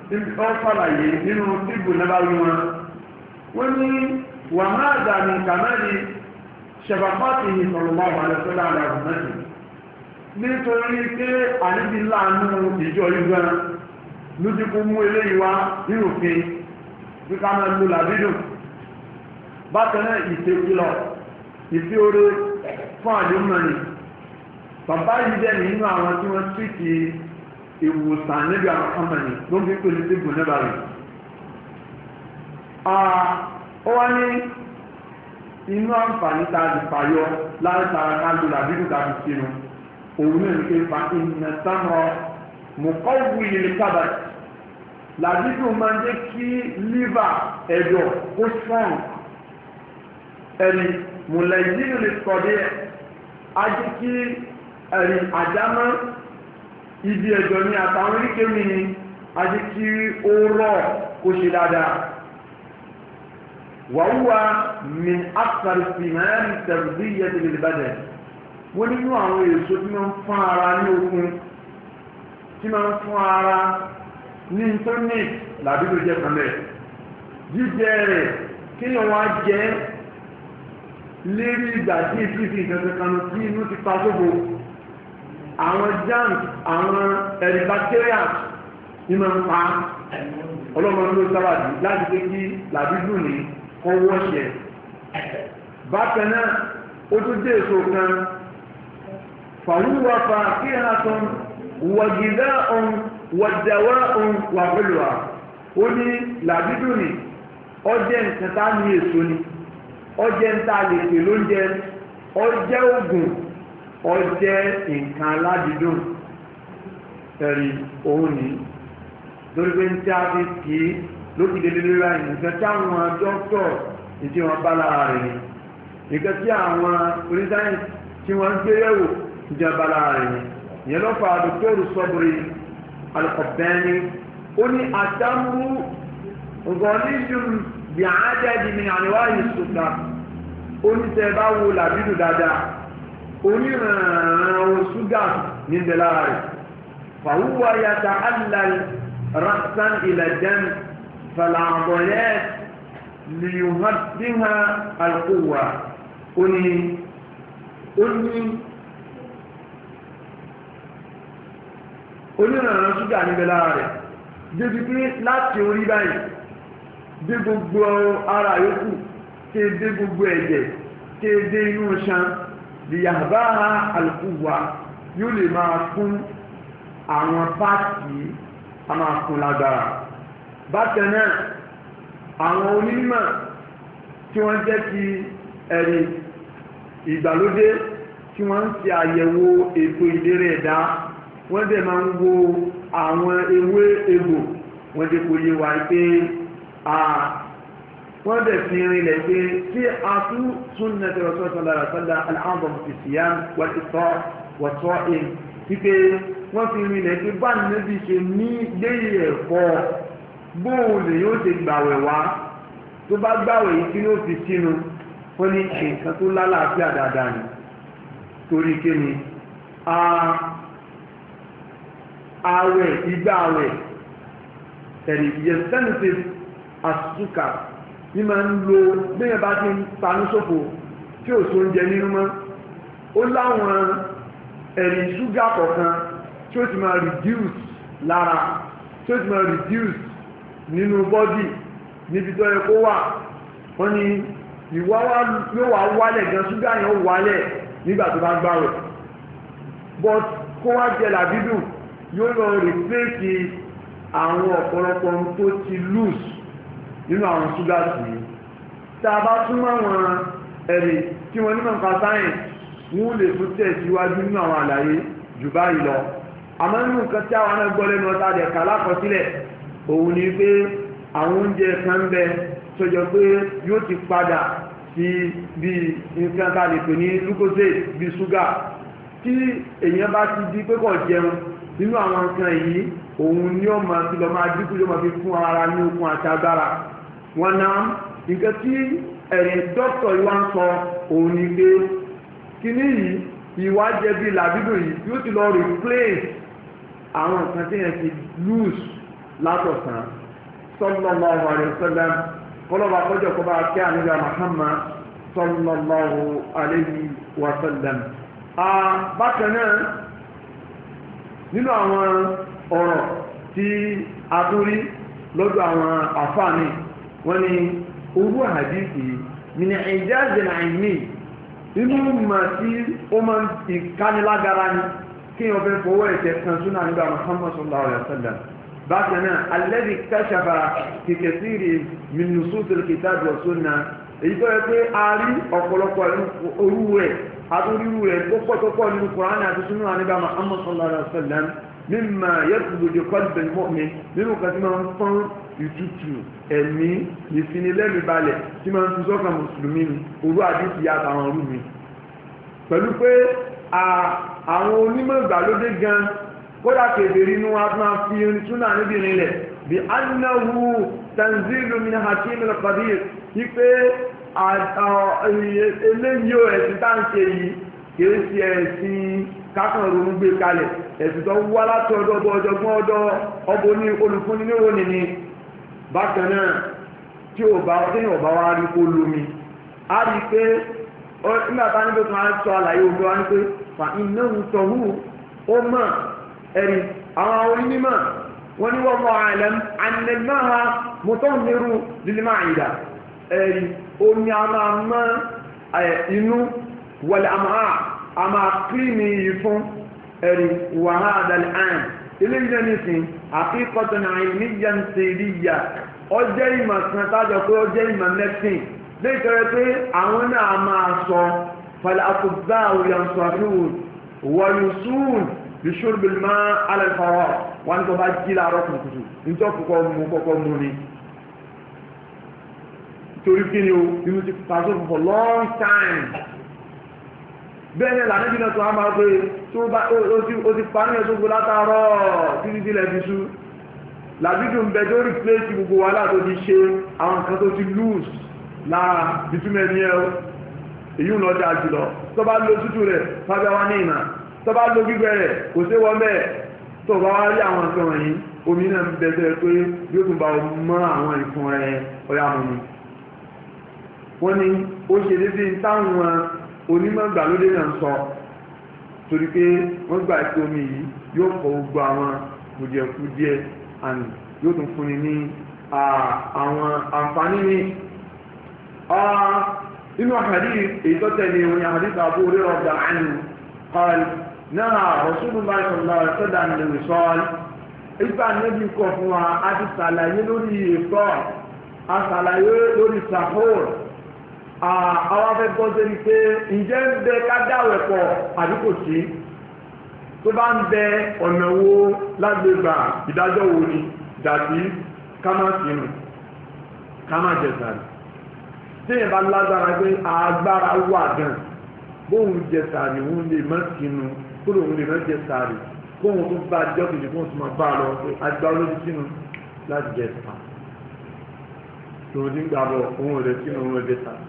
ń fàlàyé nínú tíbù náà bá rí wọn wọ́n ní wà máa dà ní kàmáàlì ṣẹ̀fàfàtì ní sọ̀rọ̀mọ́ àbálẹ́sọ́lá àdàbùmẹ́sì nítorí pé àníbi láàánú ìjọ ìgbọ́n lójú kó mú eléyìí wá níròfin bí ká máa lo làbídùn bákan náà ìṣèkìlọ̀ ìfi oore fún àdéhùnmọ̀nì bàbá yìí dẹ̀ nínú àwọn tí wọ́n tíìtì ìwòsàn níbi àwọn kọ́mọ̀nì ló ń fi pèlú sí bùnẹ́bàrì ó wá ní inú àǹfààní tá a ti fàyọ látara ká lo làbídùn ká fi sínú òun náà ní pé fa ìnà sámọ mọ̀kọ́wù ilé sábàtì làdídùn máa ń jẹ́ kí lífà ẹ̀dọ̀ ó strong ẹ̀rì mùlẹ̀yìn lè sọ̀dí ẹ̀ á jẹ́ kí ẹ̀rì àjámọ́ ibi ẹ̀dọ̀ ni àtàwọn oríkè mi ni á jẹ́ kí ó rọ̀ kó ṣe dáadáa wàhùwà mi àkàrí fìhàn tẹ̀rùbí yẹn ti lè bàjẹ́ wọ́n nínú àwọn èso tí wọ́n ń fún ara ní okun tí wọ́n ń ara ní internet làbí ló jẹ́ kan bẹ́ẹ̀ jíjẹ rẹ̀ kí ni wọ́n á jẹ́ lérí ìgbà tí èsì fi ìkẹsẹ̀ kan tí inú ti pa sóbo àwọn germs àwọn ẹ̀rí bacteria ni máa ń pa ọlọ́mọ ló sábàbí láti pé kí làbí dùn ní kọ́ wọ́ṣẹ̀ bákan náà ó tún dé èso kan fàlúwàfà kí ẹ̀rọ tán wọ̀gìdá ọ̀hún wọ̀dẹ̀wọ́ ohun wà pẹ̀lúwà ó ní làbídùn ní ọjẹ́ nǹkan tá ní èso ni ọjẹ́ ń tá lè pè lóúnjẹ ọjẹ́ ògùn ọjẹ́ nǹkan aládìdùn ẹ̀rí òun ní torí pé ń tí a fi kì í lókìdé lórí ra ìmùfẹ́ táwọn dókítọ̀ ìdí wọn bá lára rẹ̀ ni nǹkan tí àwọn oníṣáyẹ̀nsì tí wọ́n ń gbé yẹ̀wò ìjọba lára rẹ̀ ni ìyẹn lọ́fà dókítọ̀rù sọ́bùrì alùpàbẹ́ni ó ní àdámú ọ̀gọ́nídùn bí àádẹ́dì ní àríwá ìṣúta ó ní tẹ́ bá wo làbídù dáadáa onírànràn ṣúgà nílẹ̀ lára rẹ̀ fàwúwa yàtà alàl rasan ìlẹ̀jẹ̀m fàlàbọ̀yẹ́ lìyùnhàdínhà alùpùwà ó ní ó ní onírànràn ṣúgà níbẹ̀ lára rẹ̀ débi pé láti orí báyìí dé gbogbo ara yòókù tẹ́ dé gbogbo ẹ̀jẹ̀ tẹ́ dé inú ṣan lìyàbá àlùkùwà yóò lè máa fún àwọn páàkì a máa fún lágbára àwọn onímọ̀ tí wọ́n jẹ́ ti ẹ̀rí ìgbàlódé tí wọ́n ń àyẹ̀wò ètò ìlera ẹ̀dá wọ́n dẹ̀ máa ń wo àwọn ewé egbò wọ́n dẹ̀ kò yé wa pé wọ́n dẹ̀ fi rinlẹ̀ pé tí a tún tún nà tẹ̀rọ tó sọ lára sọ́dá aláàbọ̀n ti síyá wọ́n ti tọ́ wọ́n tọ́ ẹ̀ wípé wọ́n fi rinlẹ̀ pé bá níbi ṣe ní léyìí ẹ̀kọ́ bóun lè yóò ṣe gbàwẹ̀ wá tó bá gbàwẹ̀ yìí kí ló fi sínú wọ́n ní nǹkan tó lálàáfíà dáadáa ni torí kéni ààwẹ̀ ìgbà ààwẹ̀ ẹ̀rì yẹ̀sẹ́nìtìf àsùkà ní ma ń lo bẹ́ẹ̀ bá ti ń panú sófò tí ò so oúnjẹ nínú mọ́ ó láwọn ẹ̀rì ṣúgà kọ̀ọ̀kan tí ó ti máa reduce lára tí ó ti máa reduce nínú bọ́dì níbi tó yẹ kó wà wọ́n ní ìwá yóò wá wálẹ̀ gan ṣúgà yẹn ó wálẹ̀ nígbà tó bá gbà rẹ̀ but kó wá jẹ làbídùn yóò lọ rìpléèsì àwọn ọ̀pọ̀lọpọ̀ tó ti lùs nínú àwọn ṣúgà sí tá a bá túmọ̀ wọn ẹ̀rì tí wọ́n nímọ̀ nípa sáyẹ̀nsì wọ́n lè tún tẹ̀síwájú nínú àwọn àlàyé jù báyìí lọ àmọ́ nínú nǹkan tí àwọn náà gbọ́ lẹ́nu ọ̀tá rẹ̀ kà lákọsílẹ̀ òun ni pé àwọn oúnjẹ kan ń bẹ sọjọ pé yóò ti padà sí bí nǹkan tá a lè pè ní lúkọ́sẹ̀ bí ṣúgà tí èèyàn bá ti di pé kò jẹun nínú àwọn nǹkan yìí òun ni ó máa fi lọ máa dínkù yóò máa fi fún ara ní okun àti agbára wọn náà nǹkan tí ẹ̀yìn dókítà yìí wá ń sọ òun ni pé kíní yìí ìwà jẹbi làbídò yìí yóò ti lọ replace àwọn nǹkan tí yẹn ti lose látọ̀sán sallallahu alaihi wasallam kọlọ́ba kọjọ kọba kí àníga Muhammad sallallahu alaihi wasallam. bákan náà nínú àwọn ọ̀rọ̀ tí a tún rí lọ́dọ̀ àwọn àfáàmì wọ́n ní owó àdìsí nínú ìjáde náà ní inú mà tí ó máa ń kánilágara ni kí wọ́n fẹ́ fọwọ́ ẹ̀jẹ̀ kan súnà nígbà Muhammad sallallahu alaihi wa sallam bákan náà alẹ́bí kẹ́sàfà kìkẹ́ sí rí mìnú sóòtù kìtàbí ọ̀sùn náà èyí tó yẹ pé a rí ọ̀pọ̀lọpọ̀ orú adúrírú rẹ̀ pọ́pọ́tọ́pọ́ nínú kùránì àti súnú àníbà Muhammad sallallahu alaihi wasallam mímà yẹ́kùbòdì kọ́lùbẹ̀ mọ́mí nínú kan tí máa ń fọ́n ìtútù ẹ̀mí ìfinilẹ́mì balẹ̀ tí máa ń fi sọ́kà mùsùlùmí ni orú àdìsí àtàwọn ọ̀rú mi pẹ̀lú pé àwọn onímọ̀ ìgbàlódé gan kódà kèbèrè inú wa máa fi irin súnà níbi bí annahu tanzilu eléyìí ẹ̀sìn tá ń ṣe yìí kìí ṣe ẹ̀sìn kákànrò ń gbé kalẹ̀ ẹ̀sìn tó wá láti ọ̀dọ̀ ọ̀dọ̀ ọ̀jọ̀gbọ́n ọ̀dọ̀ ọbọ ní olùfúnni bákan náà tí ò bá bá wá rí kó lómi rí i pé nígbà tá ní sọ àlàyé omi wá ní pé fà iná ń sọ hù ó mọ̀ ẹ̀rí àwọn onímọ̀ omi a máa mọ́ inú wọlé àmọ́ a máa kílìmì yìí fún ẹ̀rí wàhálà àdàlẹ̀ àyàn eléyìí náà nìsín àkíkọ́tọ̀ náà ìníyà ń ṣe rí ìyà ọjẹ́ ìmọ̀ kan tájọ pé ọjẹ́ ìmọ̀ mẹ́sìn lè tẹ́rẹ pé àwọn náà máa sọ pẹ̀lú àkùbá òyàn sọ̀rọ̀ wọ̀nyùsùn bìṣúrbìlmá alẹ́fọ̀rọ̀ wọn tó bá jí láàárọ̀ kùtùkùtù nítorí kọ́kọ́ mú kọ́kọ́ mú ni torí kí ni o inú ti pàṣẹ for long time bẹ́ẹ̀ lànà bí náà tó a máa pé tó bá o ti parí ẹ̀ tó gbó látàárọ̀ títí dílẹ̀ fi sú làbídùn bẹ tó rí pléètì gbogbo wa láti ti ṣe àwọn nǹkan tó ti lose lára bìtúmẹ̀ ní ẹ èyí ń lọ dáa jùlọ tó bá lo tútù rẹ̀ fábẹ́ wá ní ìnà tó bá lo gbígbẹ rẹ̀ kò sí wọ́n bẹ́ẹ̀ tó bá wá rí àwọn nǹkan wọ̀nyí omi náà ń bẹ tẹ́ pé yóò tún bá mọ́ àwọn ìfun rẹ̀ ọ̀yà mọ́ni wọ́n ní ó ṣe dédé táwọn onímọ̀gbàlódé náà sọ torí pé wọ́n gbà pé omi yìí yóò fọ gbogbo àwọn kùdìẹ̀kudiẹ àmì yóò tún fúnni ní àwọn àǹfààní ní inú àhàdí ìtọ́tẹ̀lẹ̀ òní àhàdí tàbí orí ọ̀dà àìyàn قال نهى رسول الله صلى الله عليه وسلم عن الوصال ìgbà níbi kọ̀ fún wa a ti ṣàlàyé lórí ìfọ́ a ṣàlàyé lórí sahur àwọn afẹ́gbọ́n tó ní pé ǹjẹ́ ń bẹ ká dáwẹ̀ pọ̀ àbí kò sí tó bá ń bẹ ọ̀nà wo lágbègbà ìdájọ́ wo ni dàbí ká má sínú ká má jẹ̀sàrì tí èèyàn bá lágbára pé agbára wà gan bóun jẹ̀sàrì òun lè má sínú kúrò òun lè má jẹ̀sàrì kóun tó bá jọ́ kìí fún ọ̀tún máa bá a lọ pé agbára ló sínú láti jẹ̀sàrì tòun ti ń gbà bọ̀ òun ò lè sínú òun ò lè sàrì.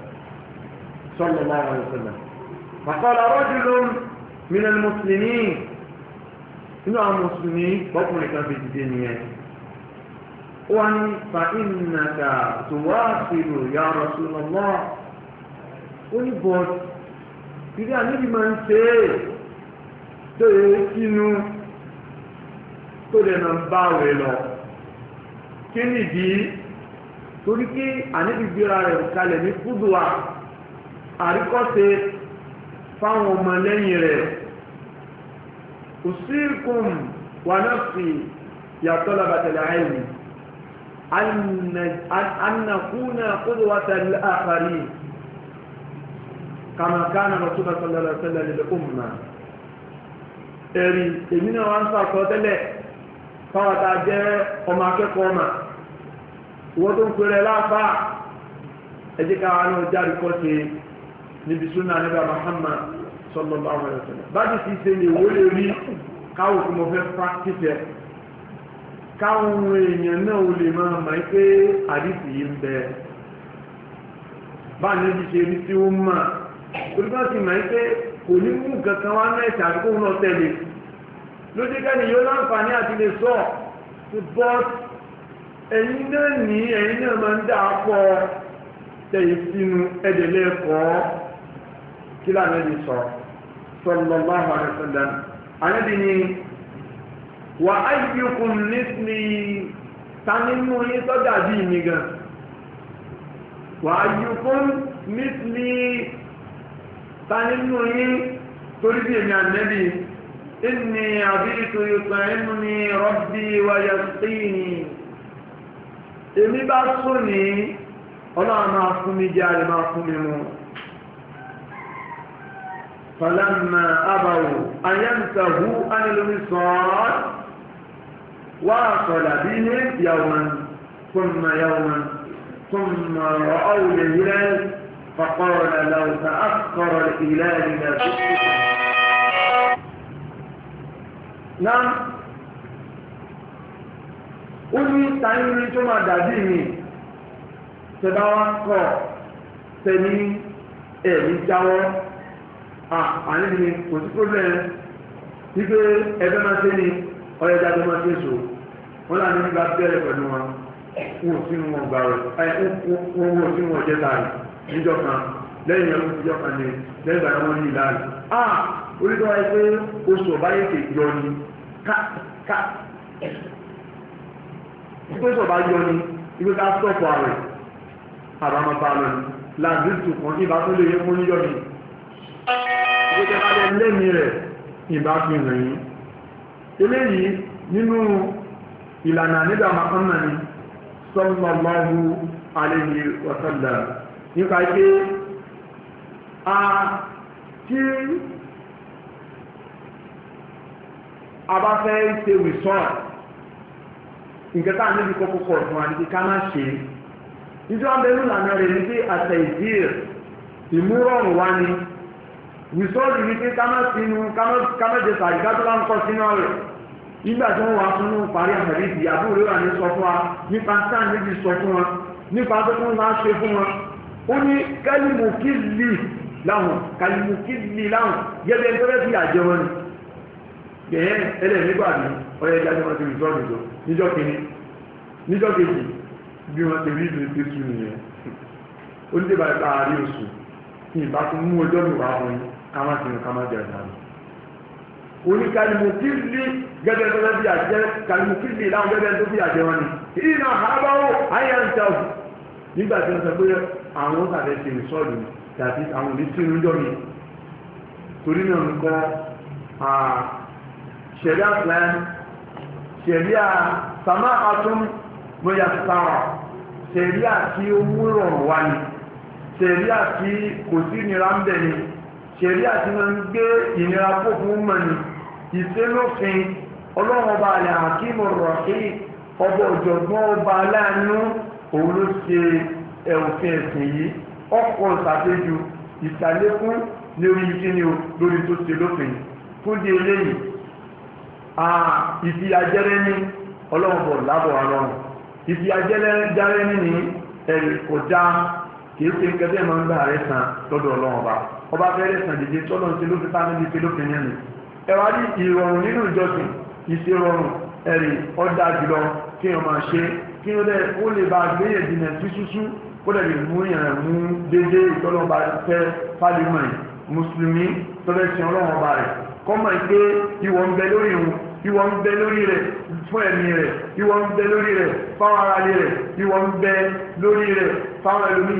صلى الله عليه وسلم فقال رجل من المسلمين إنه المسلمين بطل كان في الدنيا وأن فإنك تواصل يا رسول الله ونبوت إذا نبي من سيء تيكينو تولي من باوي لو كني دي torí pé àníbi gbéra rẹ̀ kalẹ̀ ní fúdùwà àríkọ́ṣe fáwọn ọmọ lẹ́yìn rẹ̀ usikum wa nafsi ya talabata al-ilm an nakuna qudwatan lil-akharin kama kana rasulullah sallallahu alaihi wasallam lil-umma ẹ̀rí èmi náà wá ń sàkọ́ tẹ́lẹ̀ fáwọn tá a jẹ́ ọmọ akẹ́kọ̀ọ́ ọmọ ìwọ́n tó ń pèrè láàfáà ẹ̀jẹ̀ káwọn náà jáde kọ́ ṣe níbi súnà nígbà Muhammad sallallahu alaihi wasallam bájú ti ṣe lè wó lè rí káwò tí mo fẹ́ practice ẹ̀ káwọn èèyàn náà ò lè máa mọ̀ pé àdìsí yìí ń bẹ báà níbi ṣe rí tí ó mà torí bá ti mọ̀ pé kò ní mú nǹkan wá náà ìṣàkóso kóun náà tẹ̀lé lójú kẹ́ni yóò láǹfààní àti lè sọ but ẹ̀yin náà ní ẹ̀yin náà máa ń dà á pọ̀ tẹ̀yìn sínú ẹ̀dẹ̀lẹ́kọ̀ọ́ kí lànà ẹbí sọ sallallahu alaihi wasallam ànábì ni wà á yí kún nísìnyí ta nínú yín sọ́jà bí mi gan wà á yí kún nísìnyí ta nínú yín torí bí èmi ànábì inni àbíkú yùtàínú ni rabbi wa yasqini èmi bá sùn ní ọlọ́run máa fún mi jẹ́ àlè máa mi mu. فلما أبوا أن ينتهوا عن المصاد واصل بهم يوما ثم يوما ثم رأوا الهلال فقال لو تأخر الهلال لفتح náà ó ní tàírí tó máa dàbí mi tẹ́bá wá kọ̀ tẹ́ní ẹ̀mí jáwọ́ Ah, àní ni kò sí pọ́lẹ̀ wípé ẹgbẹ́ máa ṣe ni ọyẹ jáde máa ṣe sòrò wọn là ní nígbà bẹ́ẹ̀ pẹ̀lú wọn wọn ò sínú wọn gbà rẹ̀ wọn wọ sínú wọn jẹ́ láàyè níjọ kan lẹ́yìn ẹ̀rọ ìjọ kan ní lẹ́yìn ìgbà wọn ní ìlànà a ah, oríṣi wáyé pé oṣù ọ̀báyé kè yọ ni ká ká oṣù ọ̀bá yọ ni ibi ká sọ̀kọ̀ àwẹ̀ ní ìbátúndé ẹlẹ́ni rẹ̀ ìbáfihàn yìí eléyìí nínú ìlànà nígbà mọ́kànlá ni sallallahu alayhi wa sallam nípa pé a tí a bá fẹ́ ṣe resort nǹkan tá a níbi kọ́kọ́ kọ̀ fún wa ní ká má ṣe nítorí wọn bẹ nílànà rẹ̀ ní pé àtẹ̀yìí ìmúrọ̀rùn wa ni rìsọ́ọ̀tì ní pé kámẹ́jẹ sàrídájọ́ lá ń kọ́ sínú rẹ̀ nígbà tí wọ́n wà fún un parí àmàlí ìdí àbúrò rẹ̀ ní sọ fún wa nípa sáà méjì sọ fún wa nípa tó tún máa ṣe fún wa ó ní kálímù kí lì láwọn kálímù kí lì láwọn gẹ́gẹ́ tó fẹ́ fi àjẹ wọn ni gẹ̀ẹ́ ẹlẹ́nìgbà mi ọ̀yẹ́ ìdájọ́ wọn ti rìsọ́ọ̀tì jọ níjọ́ kìíní níjọ́ kejì bí wọ́n ti rí ìdí tó tún nìyẹn ó ní débà ìta àárí oṣù kí ìbá tún mú ọjọ́ mi wà fún yín kama sinu kama jẹ dànù oní kalimukili gẹ́gẹ́ gẹ́gẹ́ bí àjẹ kalimukili làwọn gẹ́gẹ́ tó bí àjẹ wọn ni ìyìn náà àbáwò àyà ń tẹ ọ̀hún nígbà tí wọ́n sọ pé àwọn tàbí ti ń sọ́ọ̀lù tàbí àwọn òní sínú jọ mi torí náà ń kọ́ ṣẹ̀dá plan ṣẹ̀dá sàmá àtún mọ́yà sáwà ṣẹ̀dá tí ó múrọ̀ wá ni ṣẹ̀dá tí kò sí nira ń bẹ̀ ni ṣẹ̀rí àti máa ń gbé ìnira kó fún mọ̀nì ìṣẹ́lófin ọlọ́run ọba alẹ́ àkímọ̀ rọ̀kí ọba ọ̀jọ̀gbọ́n ọba aláàánú òun ló ṣe ẹ̀wùfẹ́ ẹ̀sìn yìí ọkọ̀ ṣàtẹ́jú ìṣàlékún lórí kíni o lórí tó ṣe lófin fún di eléyìí ìfìyàjẹ́rẹ́ ní ọlọ́run bọ̀ lábọ̀ àrọ̀rùn ìfìyàjẹ́rẹ́ ní ẹ̀rì kò dáa kìí ṣe nǹkan máa ń gbà rẹ̀ san lọ́dọ̀ ọlọ́run ọba fẹ́rẹ́ sàn dìde tọ́lọ̀ ń ṣe ló fi sáré ní pélópin nínú ẹwà ní ìrọ̀rùn nínú ìjọsìn ìṣerọrùn ẹ̀rì ọ̀dà jùlọ kí wọ́n máa ṣe kí o lè ó lè bá gbéyẹ̀ dìnà sí ṣúṣú kó lè mú ìyàn mú dédé ìtọ́lọ́ba fẹ́ fálímọ̀ mùsùlùmí tọ́lẹ̀ sí ọlọ́run ọba rẹ̀ kọ́mọ̀ pé ìwọ̀n ń bẹ lórí ìhun ìwọ̀n ń bẹ lórí rẹ̀ fún ẹ̀mí rẹ̀ ìwọ̀n ń bẹ lórí rẹ̀ fáwọn ara rẹ̀ ìwọ̀n ń bẹ lórí rẹ̀ fáwọn ẹlòmíì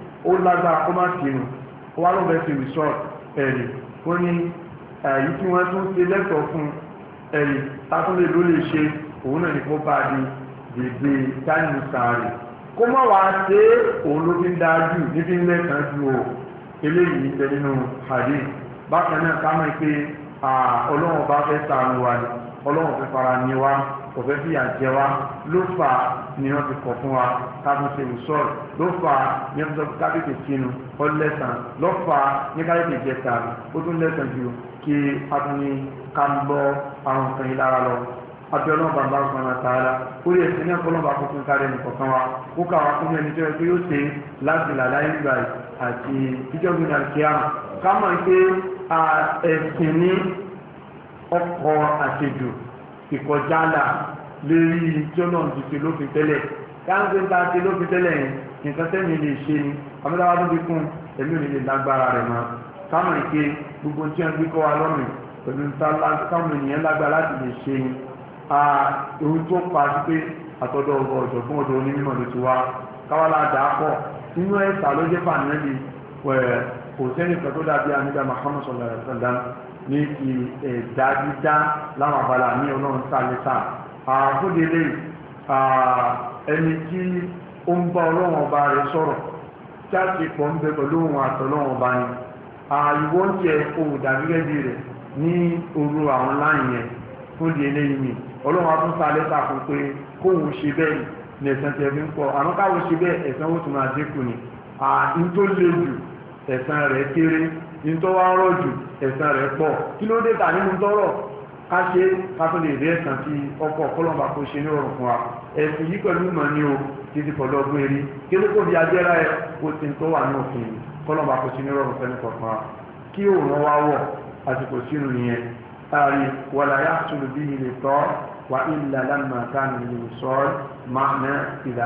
ó lágbára kó má kírun ó wá ló fẹ́ fi resort ẹ̀rì ó ní èyí tí wọ́n tún ṣe lẹ́tọ̀ọ́ fún ẹ̀rì tátúndé ló lè ṣe òun náà ní kó bá a di dèdè táyì sàárè kó má wàá ṣe òun ló fi ń dájú níbi ń lẹ́sàn-án ju o eléyìí ń bẹ nínú hadith bákan náà ká mọ̀ pé ọlọ́run bá fẹ́ sàánú wa ni ọlọ́run fẹ́ fara ní wa kò fẹ́ fìyà jẹ wa ló fà á ni wọ́n ti kọ̀ fún wa káfí ṣe ìṣọ́rọ̀ ló fà á ni wọ́n ti sọ káfí ṣe kinu ọ lẹ́sàn ló fà á ni káfí ṣe jẹ tààrí ó tún lẹ́sàn ju kí abúlé ká ń bọ́ àwọn kan yìí lára lọ abiola bàbá ọgbọnà tààrà orí ẹsẹ ní ọpọlọ bá kókó kárí ẹnì kọ̀ọ̀kan wa ó kà wá fún ẹni tó yẹ yóò ṣe láti là láyé ìgbà ìkọjálà lérí jọ́nà ìdíje lófin tẹ́lẹ̀ káńtì ń ta ṣe lófin tẹ́lẹ̀ yẹn nǹkan sẹ́mi lè ṣe ni amúdáwá tó fi kún ẹ̀mí òní lè lágbára rẹ̀ mọ́ káwọn èké gbogbo tí wọn gbé kọ́ wa lọ́nà pẹ̀lú táwọn ènìyàn lágbára láti lè ṣe ni ohun tó pa sí pé àtọ́dọ̀ ọgbọ ọ̀jọ̀ fún ọdọ onímọ̀ ló ti wá káwálá dàá pọ̀ inú ẹ̀sà ló jẹ́ fàánù ẹ̀ kò sẹ́ni pẹ̀lú dàbí amídà ní ti ẹ̀dá dídá láwọn abala ní ọlọ́run sáàlẹ́sà àfúdélé ẹni tí ó ń bá ọlọ́run ọba rẹ̀ sọ̀rọ̀ tí a ti pọ̀ ń bẹ pẹ̀lú òun àtọ̀lọ́run ọba ni àìwọ́ ń jẹ ohun ìdàgẹ́gẹ́ bí rẹ̀ ní òru àwọn láàyè yẹn fúdélé yìí ọlọ́run afúnṣà lẹ́sà fún pé kóhun ṣe bẹ́ẹ̀ ní ẹ̀sán tẹ̀ fi ń pọ̀ àmọ́ káwọn ṣe bẹ́ẹ̀ ẹ̀sán ó tún máa dínkù ni à ń tó lé jù ẹ̀sán rẹ̀ kéré ní tó wá rọ̀ jù ẹ̀san rẹ̀ pọ̀ kí ló dé ta nínú tọ́rọ̀ ká ṣe ká tó lè rí ẹ̀san tí ọkọ̀ ọ̀pọ̀lọpàá kò ṣe ní ọ̀rùn fún wa ẹ̀sìn yìí pẹ̀lú mọ̀ ní o títí pọ̀lú ọgbọ́n eré kí ló kò di ajẹ́ra ẹ̀ kó ti tó wà ní òfin kọ́lọ̀pàá kò ṣe ní ọ̀rùn fẹ́ni kọ̀ọ̀kan kí òun wá wọ̀ àsìkò sínú nìyẹn ààrin wàlá yá tùlù bí ilé tọ́ wà ilẹ̀ lámà kánì lè sọ máa ná ìlà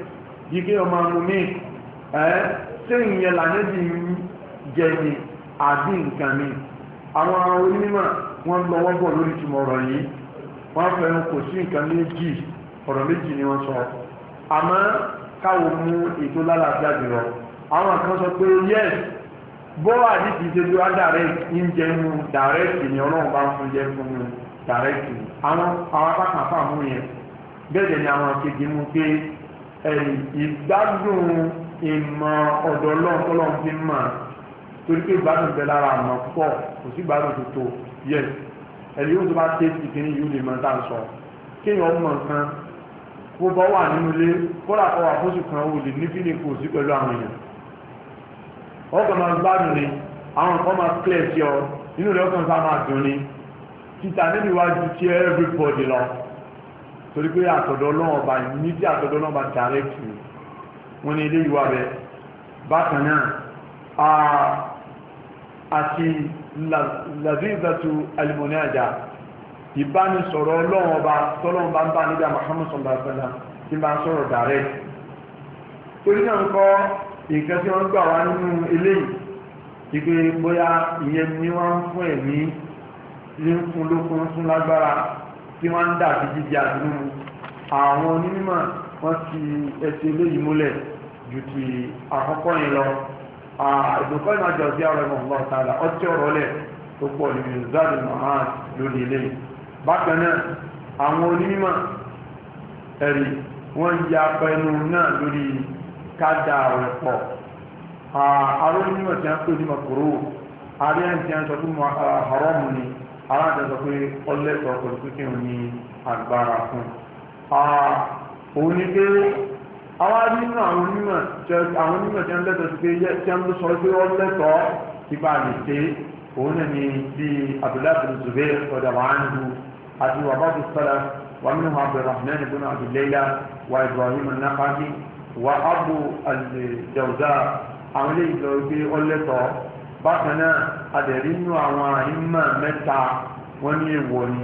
yìí ọmọ amúmí ẹ́ ṣé ìyẹn lànẹ́bí jẹ ni àbí nǹkan mi àwọn onímọ̀ wọ́n lọ wọ́n bọ̀ lórí ìtumọ̀ ọ̀rọ̀ yìí wọ́n fẹ́nu kò sí nǹkan méjì ọ̀rọ̀ méjì ni wọ́n sọ àmọ́ káwo mú ètò lálàáfíà jùlọ àwọn kan sọ pé yes bọ́wọ́ àdìsí ṣe bí wá direct ń jẹun direct ni ọlọ́run bá ń fún jẹ fún un direct ni àwọn apá kan fáwọn yẹn bẹ́ẹ̀ ni àwọn kejì mú pé ẹ̀yìn ìgbádùn ìmọ̀ ọ̀dọ̀ ọlọ́run tọ́lọ́run fi mọ̀ torí pé ìgbádùn bẹ lára àmọ́ pọ̀ kò sí ìgbádùn tó tó yẹ ẹ̀yìn yóò tó bá ké sí kíní yìí ó lè mọ tá à ń sọ kéèyàn mọ̀ nǹkan bó bọ́ wà nínú ilé kódà kọ́ wà fóṣù kan ó lè ní fílẹ̀ kò sí pẹ̀lú àwọn èèyàn ọkàn máa gbádùn ni àwọn nǹkan máa clear sí ọ nínú ilé ọkàn sáà máa dùn ni títà níbi wájú tí everybody lọ torí pé àtọ̀dọ̀ ọlọ́run ọba ní tí àtọ̀dọ̀ ọlọ́run ọba dàrẹ́kì wọn ni ilé ìwà rẹ̀ bákan náà àti lazizatu alimonada ìbánisọ̀rọ̀ ọlọ́run ọba tọ́lọ́run bá ń bá nígbà Muhammad sallallahu alaihi wasallam tí bá ń sọ̀rọ̀ dàrẹ́kì torí náà ń kọ́ nǹkan tí wọ́n gbà wá nínú eléyìí ìgbé bóyá ìyẹn ni wọ́n ń fún ẹ̀mí ní fún lókun fún lágbára tí wọ́n ń dà bí jíjẹ àdúrú àwọn onímọ̀ wọ́n ti ẹsẹ̀ eléyìí múlẹ̀ ju ti àkọ́kọ́ yẹn lọ ìdókọ́ ìmọ̀ àjọ sí ọ̀rọ̀ ìmọ̀ ọ̀gbọ̀n tààlà ọtí ọ̀rọ̀ lẹ̀ tó pọ̀ nínú zadi mahad lórí eléyìí bákan náà àwọn onímọ̀ ẹ̀rí wọ́n ya pẹ̀lú náà lórí kádà rẹ̀ pọ̀ àwọn onímọ̀ tí wọ́n pè ní mọ̀kòrò àríyànjẹ́ sọ fún haramu àwọn àjọsọ pé ọlẹ́sọ̀ pẹ̀lú kíkẹ́ òun ní agbára fún òun ni pé àwọn nínú àwọn onímọ̀ tí àwọn onímọ̀ tí wọ́n lẹ́tọ̀ọ́ sí pé tí wọ́n sọ pé ọlẹ́sọ̀ ti bá lè ṣe òun náà ni bí abdullahi bin ọ̀dà wàhánu àti wàbáàbù sọ́dà ومنهم عبد الرحمن بن عبد الليلة وإبراهيم النقعي وأبو الجوزاء عملي جوزي أوليتو bákan náà adẹ̀rí nínú àwọn àìmọ̀ mẹ́ta wọ́n ní èèwọ̀ ni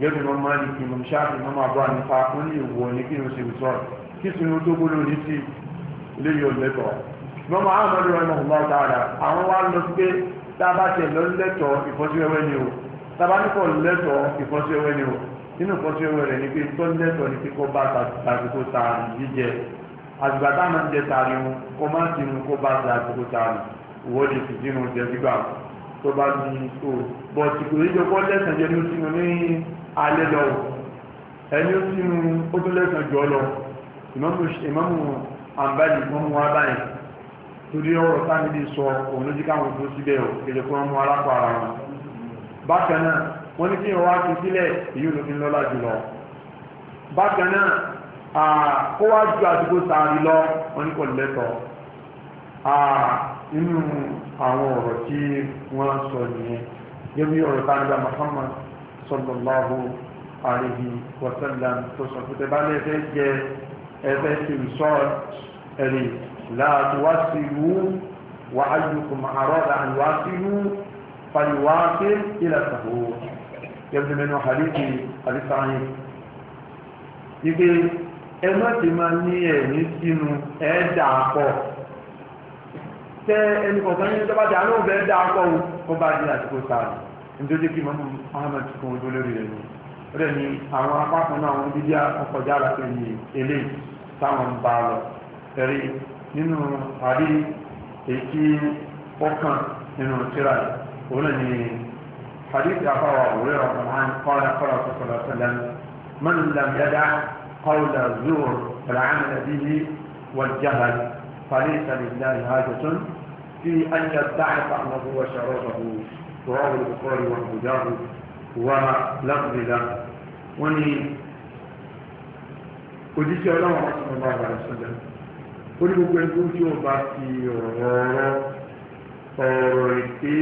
gẹ́gẹ́ mọ́ máa ní kí mọ́ ṣáàfì mọ́ máa bọ́ nípa wọ́n ní èèwọ̀ ni kí n ṣe ìtọ́ kí sinú tó gbóló ní sí ilé yóò lẹ́tọ̀ọ́ máa ń mọ́lẹ́ ọmọ ọmọ ọ̀tàrà àwọn wá lọ sí pé tá tẹ̀ lọ ìfọ́síwẹ́wẹ́ ni o tá a bá ìfọ́síwẹ́wẹ́ ni o nínú ìfọ́síwẹ́wẹ́ rẹ̀ ni pé tó ni kíkọ́ bá tàbíkó tààrí jíjẹ àgbàdá máa ń jẹ tààrí wọn kọ́ máa ń sinú kó bá tàbíkó tààrí wọ́n lè fi dínú jẹ gbígbà tó bá ní o bọ̀tì kò níjọ kọ́ lẹ́sàn jẹ́ ní sínú ní alẹ́ lọ ẹni ó sínú ó tún lẹ́sàn jọ lọ ìmámù àǹbáyé wọ́n mú wá báyìí torí ọ̀rọ̀ sáà níbi sọ òun ló jí káwọn tó síbẹ̀ ò kejì kó wọ́n mú alápọ̀ ara wọn bákan náà wọ́n ní kí wọ́n wá fi sílẹ̀ èyí ò ló fi ń lọ́lá jùlọ bákan náà kó wá ju àdúgbò sáà rí lọ wọ́n ní kò lẹ́tọ̀ọ́ inú àwọn ọ̀rọ̀ tí wọ́n sọ nìyẹn gẹ́gẹ́ bí ọ̀rọ̀ tánadà Muhammad sallallahu alaihi wasallam tó sọ pé tẹ́bá lẹ́fẹ́ jẹ ẹfẹ́ sí ìṣọ́ ẹ̀rì láti wá sí ìlú wà á yù kùmà àrọ́dà ti máa ní ẹ̀mí sínú ẹ̀ẹ́dà pọ̀ tẹ ẹni kọ̀ọ̀kan yín tó bá ti àánú bẹ́ẹ̀ dá akọ o kó bá di àsìkò sáàrì nítorí kí mọ́mú Muhammad kò ń dolórí rẹ̀ ni ó dẹ̀ àwọn apákan náà wọn dídí ọkọ̀já ara pé ní táwọn bá lọ tẹ̀rí nínú àrí èyí ọkàn nínú tíra yìí òun náà ní حديث أخوة هريرة عنه قال قال صلى الله عليه وسلم من لم يدع قول الزور فليس لله حاجة في أن يدعي طعمه وشرابه رواه البخاري وابو داود ولفظ له وني òjíṣẹ́ ọlọ́run wọn ti mọ bá bàrẹ̀ sọ́jà ó ní gbogbo ẹgbẹ́ tí ó bá fi ọ̀rọ̀ ọ̀rọ̀ èké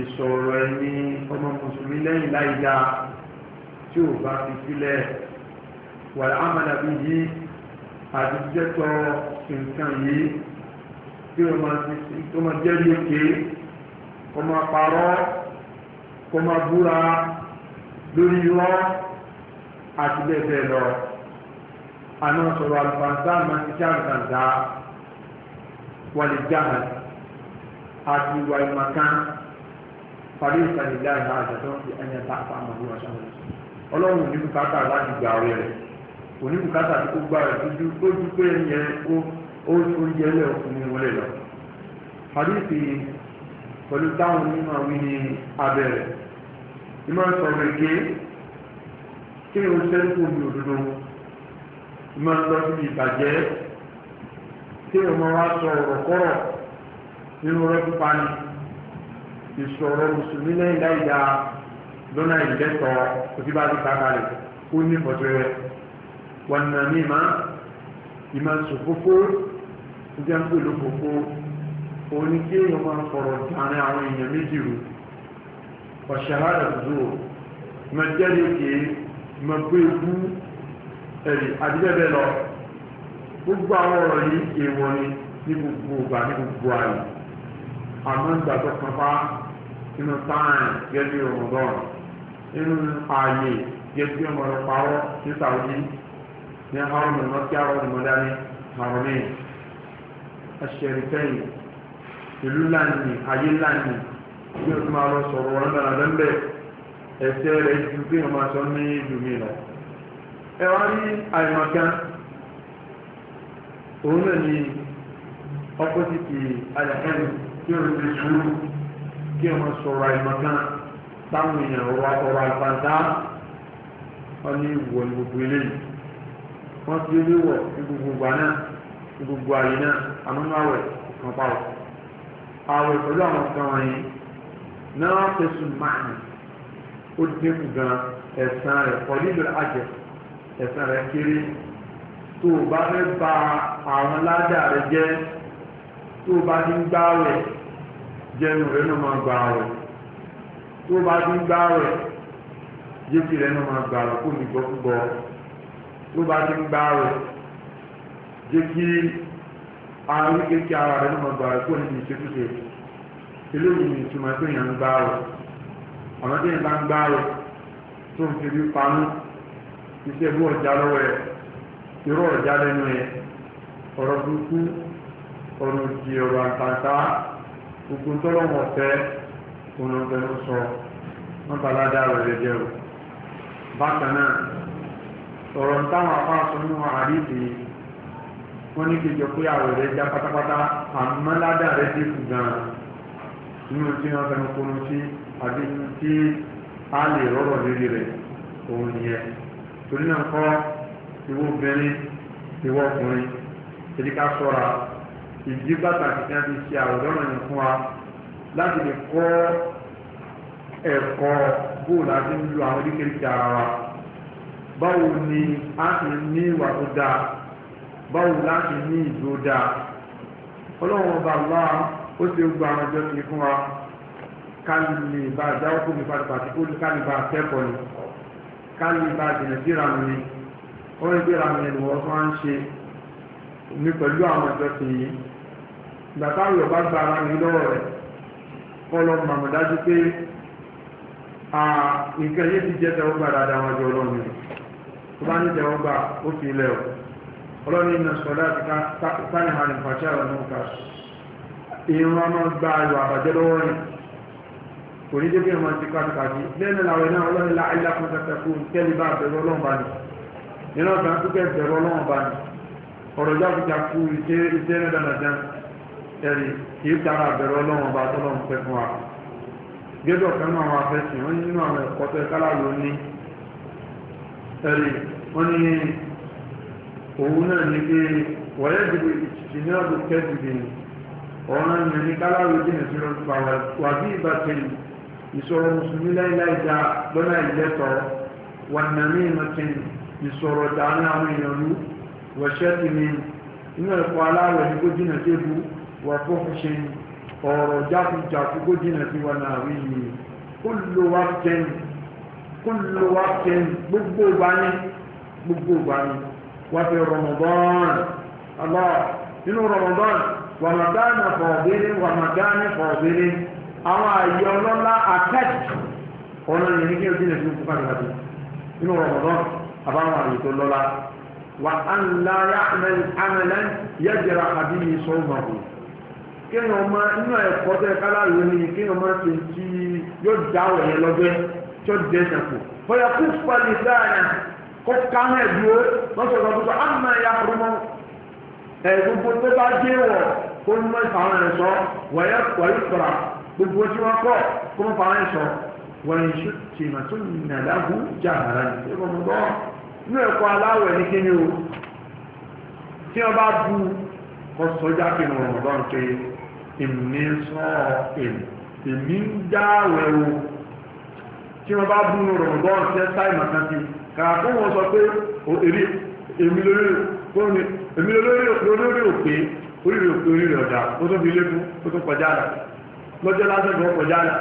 ìsọ̀rọ̀ ẹni ọmọ mùsùlùmí lẹ́yìn láì dáa tí ó bá fi sílẹ̀ wàlá amànàbí yìí àdìjẹ́tọ̀ nǹkan yìí tí ó máa jẹ́ bí òkè kó máa parọ́ kó máa búra lórí irọ́ àti bẹ́ẹ̀ bẹ́ẹ̀ lọ àná sọ̀rọ̀ àlùfáàǹsá máa ti já àlùfáàǹsá wàlẹ̀ jáhàn àti ìwà ìmọ̀kan parí ìsàlẹ̀ láì máa jẹ́ tó ń fi ẹ̀yẹ tá a fa àmọ́ ìwà sọ́wọ́ ọlọ́run ní láti gbà ọ̀rẹ́ rẹ̀ oníbùkátà tó kó gbára dúdú tó dúpé yẹn kó oúnjẹ ilé ọkùnrin wọlé lọ hadithi pẹ̀lú táwọn onímọ̀ wí ní abẹ́rẹ́ ìmọ̀ sọ̀rọ̀ èké kí ni o ṣe ń kó omi òdodo ìmọ̀ lọ síbi ìbàjẹ́ kí ni o máa wá sọ ọ̀rọ̀ kọ́rọ̀ nínú rẹ́pù pani ìṣòro mùsùlùmí lẹ́yìn láìda lọ́nà ìjẹ́tọ̀ òfin bá ti ta kalẹ̀ ó ní ìbọ̀jọ́ wànàmímà ìmà sòfófó ìjà ń pè lófófó òun ni kí èèyàn máa fọ̀rọ̀ láàrin àwọn èèyàn méjì rò ọ̀ṣàrà ẹ̀dùn ò mà jẹ́rìí kì í mà gbé egú ẹ̀rì àdìbẹ́bẹ́ lọ gbogbo àwọn ọ̀rọ̀ yìí èèwọ̀ ni ní gbogbo ìgbà ní gbogbo ààyè àmọ́ ìgbà tó kan bá inú táàyàn gẹ́gẹ́ bí ọmọdọ́rùn inú ààyè gẹ́gẹ́ bí ọmọdọ́pàwọ́ ní sàwọ́dí من حرم مكة والمدن حرمين الشريفين ìlú ńlá ni ayé ńlá ni bí o tún máa lọ sọ̀rọ̀ wọn dára lẹ́ńbẹ̀ ẹsẹ̀ rẹ̀ ju bí o máa sọ ní ìlú mi lọ. ẹ wá rí àìmọ̀kan òun náà ni ọ́pọ́sìtì àyàkẹ́ni kí o lè sùúrù kí o máa sọ̀rọ̀ àìmọ̀kan táwọn èèyàn ọ̀rọ̀ àlùfáàdá wọn ní ìwọ̀ gbogbo eléyìí. wọ́n fi omi wọ̀ ní gbogbo ìgbà náà gbogbo náà àmúnú àwẹ̀ kan pa ọ̀ àwẹ̀ pẹ̀lú àwọn nǹkan wọ̀nyí náà fẹ̀sùn máàmì ó dínkù gan ẹ̀sán rẹ̀ pọ̀ nílò àjẹ ẹ̀sán rẹ̀ kéré tó o bá fẹ́ ba àwọn ládàá rẹ̀ jẹ́ tó o bá ti ń gbá jẹnu máa tó o ló bá ti ń gbá rẹ̀ jẹ́ kí ara wíkẹ́ kí ara rẹ̀ ló mọ̀ gbà rẹ̀ kó níbi ìṣekúṣe eléyìí ni ìtumọ̀ pé èèyàn ń gbá rẹ̀ àwọn tí èèyàn bá ń gbá rẹ̀ tó ń fi bí pamọ́ iṣẹ́ bí ọ̀já lọ́wọ́ ẹ̀ irú ọ̀já lẹ́nu ẹ̀ ọ̀rọ̀ burúkú ọ̀rọ̀ òjì ọ̀rọ̀ àtàtà gbogbo tọ́lọ́wọ̀ fẹ́ òun ọ̀gbẹ́nu sọ wọ́n balá dá rẹ̀ jẹ́ o bákan náà ọ̀rọ̀ táwọn afáàsọ nínú àdìsí wọn ní kejì pé àwẹ̀ rẹ̀ já pátápátá àmọ́ ládàá rẹ̀ dínkù gan-an nínú tí wọ́n fẹnu kunu sí àti tí a lè rọ̀rọ̀ lórí rẹ̀ òun nìyẹn torí náà kọ́ ìwọ obìnrin ìwọ ọkùnrin ìdíkà sọ́ra ìdí pàtàkì tí a ti ṣe àwòrán yẹn fún wa láti lè kọ́ ẹ̀kọ́ bóòlù àti ń àwọn oríkèéríkèé ara wa. báwo ni a ti ní ìwà tó dáa báwo láti ní ìdó dáa ọlọ́run ọba wá ó ti gba àwọn ọjọ́ ti fún wa kálí ní ìbá ìdáwó fún mi pátápátá kó ní kálí bá akẹ́kọ̀ọ́ ni kálí bá jìnà síra mi ni wọ́n ń gbéra mi ni wọ́n ń ṣe ní pẹ̀lú àwọn ọjọ́ ti yìí ìgbà táwọn ọba gba ara mi lọ́wọ́ ti jẹ́ tẹ́wọ́ wọn tó bá ní tẹ̀wọ́n gbà ó fi ilẹ̀ o ọlọ́ni iná sọ̀dá ti sáni hàn ìfàṣẹ́ ọ̀rọ̀ náà ká ìrún ọmọ gba ayọ̀ àbàjẹ́ lọ́wọ́ rìn kò ní débi ìrún ọtí káàkiri lẹ́nu làwẹ̀ náà ọlọ́ni láìlá fún tẹ̀tẹ̀kù tẹ́lẹ̀ bá bẹ̀rù ọlọ́run bá ní nínú ọ̀sán pípẹ́ bẹ̀rù ọlọ́run bá ní ọ̀rọ̀ jákujà kú iṣẹ́ iṣẹ́ ní dandan ẹ̀rì kì í tara bẹ̀rù ọlọ́run bá tọ́lọ́run ẹ̀rí wọ́n ní òun náà ní pé wọ́yẹ́ dìbò ìtìtì ní ọdún kẹ́sìdì ọ̀ràn ní ní káláwé jìnà sí lọ pa wà bí ìbátan ìṣòro mùsùlùmí láíláí da lọ́nà ìlẹ́tọ̀ wà nàmí ìmọ̀tìn ìṣòro dàánú àwọn èèyàn lú kúlù wa gbogbo ìgbà gbogbo ìgbà ni fi Allah nínú Ramadan wàmàdánà fọ̀ọ̀bìnrin wàmàdánà fọ̀ọ̀bìnrin àwọn àyè ọlọ́lá akẹ́kọ̀ọ́ ọ̀nà yìí kí o dín nínú àbáwọn àyè wà á ń la yá yẹ ma inú ẹ̀kọ́ kálá yìí ni ti yóò dáwọ̀ yẹn lọ́gbẹ́ church jẹ́sẹ̀ kù bóyá kú pàlì sáàyà kó káhẹ́ dúró lọ́sọ̀rọ̀ tó sọ àmà ya fúnmọ́ ẹ̀ gbogbo tó bá dé wọ̀ kó ń mọ ìfàwọn ẹ̀ sọ wọ̀nyẹ wọ̀nyí sọ̀rọ̀ gbogbo tí wọ́n kọ́ kó ń fàwọn ẹ̀ sọ wọ̀nyí sọ tìmọ̀ tó nàdá hu jà hàrà ní ṣé wọ́n mú bọ́ inú ẹ̀kọ́ aláwọ̀ ní kíni o tí wọ́n bá bu ọ̀sọ́jà kìnnì rọ̀mọ̀dọ́n pé èmi sọ èmi ń dáwẹ̀ o tí wọ́n bá búnú rọ̀mọ̀bọ́n tí ẹ táì màkà sí kàkó wọn sọ pé èmi lórí òpè orí rẹ̀ òpè orí rẹ̀ ọ̀dà ó tó fi lékún ó tó kọjá àlà lọ́jọ́ lásán kan kọjá àlà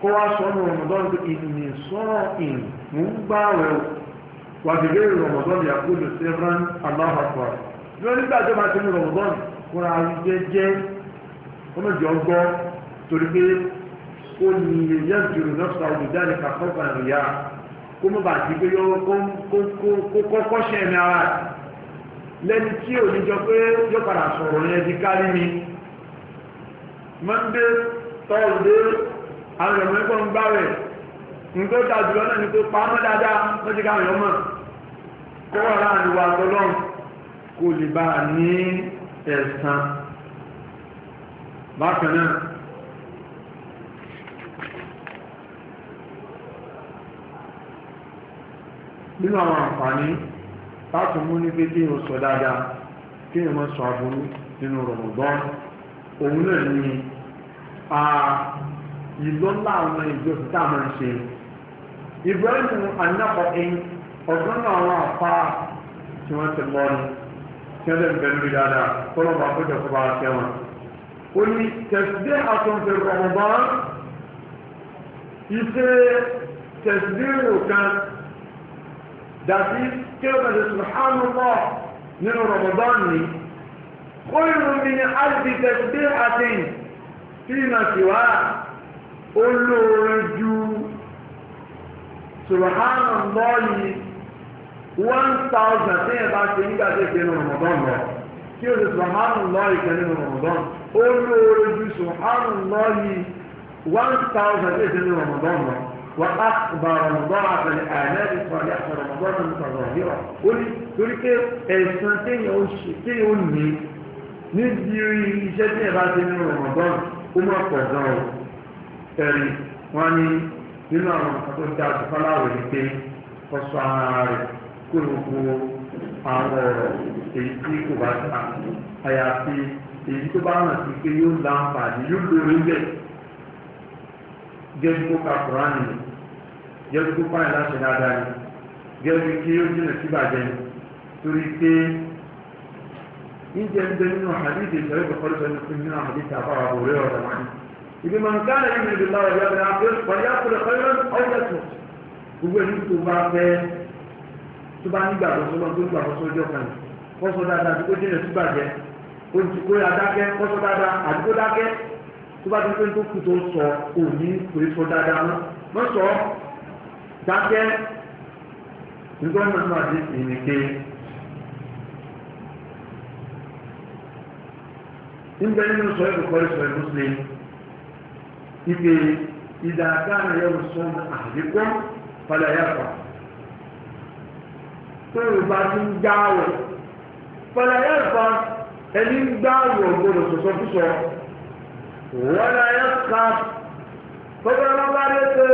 kó wá sọ́nù rọ̀mọ̀bọ́n tó ìnìyàn sọ́rọ̀ ìrìn mú gbá rẹ̀ wàdìrí rọ̀mọ̀bọ́n yà kó lè sẹ́fran aláhàfà torí pé kó ní yẹn jùlọ náà sọ olùdarí kakọ́ kan rìá kó mọ̀ bá ti gbé yọ kó kọ́kọ́ ṣe ẹ̀mí ara lẹ́ni tí ò ní jọ pé yóò padà sọ̀rọ̀ yẹn di kárí mi mọ́ndé tọ́ọ̀dé àwọn ọmọ ẹgbọ́n ń gbá rẹ̀ nǹkan ó dájú lọ́nà ní pé pa dáadáa wọ́n ti káwọn ọmọ kó wà láàrin wa tọ́lọ́run kó lè bá a ní ẹ̀sán bákan náà nínú àwọn àǹfààní láti mú ní pé kí n sọ dáadáa kí n mọ sọ aburú nínú rọmọgbọn òun náà ní ìlọ́lá àwọn ìjọsìn tá a máa ń ṣe Ibrahim anáfọ̀ẹ́yìn ọ̀gbọ́n náà àwọn àpá tí wọ́n ti lọ ní tí wọ́n ti bẹ̀rù dáadáa kọ́lọ́ bá kọjọ kọ́ bá tẹ́wọ̀n. ó ní tẹ̀sídé àtúnṣe rọmọgbọn iṣẹ́ tẹ̀sídé rò dàbí kébẹ̀rẹ̀ subhanallah nínú Ramadan ni ó yìnbọn mi ní alìbìtẹ̀sídé àti fíìmà síwá olóore ju subhanallah yìí one thousand tí ẹ̀ bá ṣe nígbà tí ìpinnu Ramadan lọ kí o lè subhanallah yìí kẹ́ nínú Ramadan olóore ju subhanallah yìí one thousand tí ìpinnu Ramadan lọ. وأكبر مضاعف الآلام الصالحة رمضان المتظاهرة قل تلك السنتين والشتين والني نجري شتين بعد من رمضان وما قضاوا تري واني nínú àwọn àtúntò tí a ti fọlá wò ní pé kọsọ ara rẹ kó gbogbo àwọn ọ̀rọ̀ èyí tí kò bá ta àyàfi èyí tó bá hàn sí pé yóò láǹfààní yóò lórí bẹ́ẹ̀ gẹ́gẹ́ bó ka kúránì jẹ́ kó pààyàn láṣẹ dáadáa ni jẹ́ kó kí ó jìnà sí bàjẹ́ ni torí pé níjẹ́ ń bẹ nínú àdíjì ìṣẹ́lẹ̀ ìgbàkọ́lù sọ nínú àdíjì àbáwà òwúrẹ́ ọ̀dà wọn ni ibi máa ń ká lẹ́yìn ní ìdílé ọ̀rọ̀ yàtọ̀ àbẹ́ pàdé àkùrẹ́ ọ̀rẹ́ ọ̀rẹ́ tó gbogbo ẹni tó bá fẹ́ tó bá nígbàgbọ́ sọ́lọ́ tó gbàgbọ́ sọ́jọ́ kan kọ́sọ́ dáadáa tó jìnà sí bàjẹ́ kó adákẹ́ kọ́sọ́ dáadáa àdúgbò dákẹ́ tó bá ti pé tó kù tó sọ òní kò dákẹ́ nígbà náà máa di ìrìnkè níbẹ̀ nínú sọ ìbùkọ́ ìsọ̀ ìmúslim ìpè ìdàgbàna yẹ̀wò sọ́nà àdìgbọ́ padà yàtọ̀ tó o bá ti ń gbá wẹ̀ padà yàtọ̀ ẹni ń gbá wẹ̀ gbọdọ̀ sọ̀sọ̀ fúsọ̀ wọ́n náà yẹ ká tọ́jú ọlọ́ba dé pé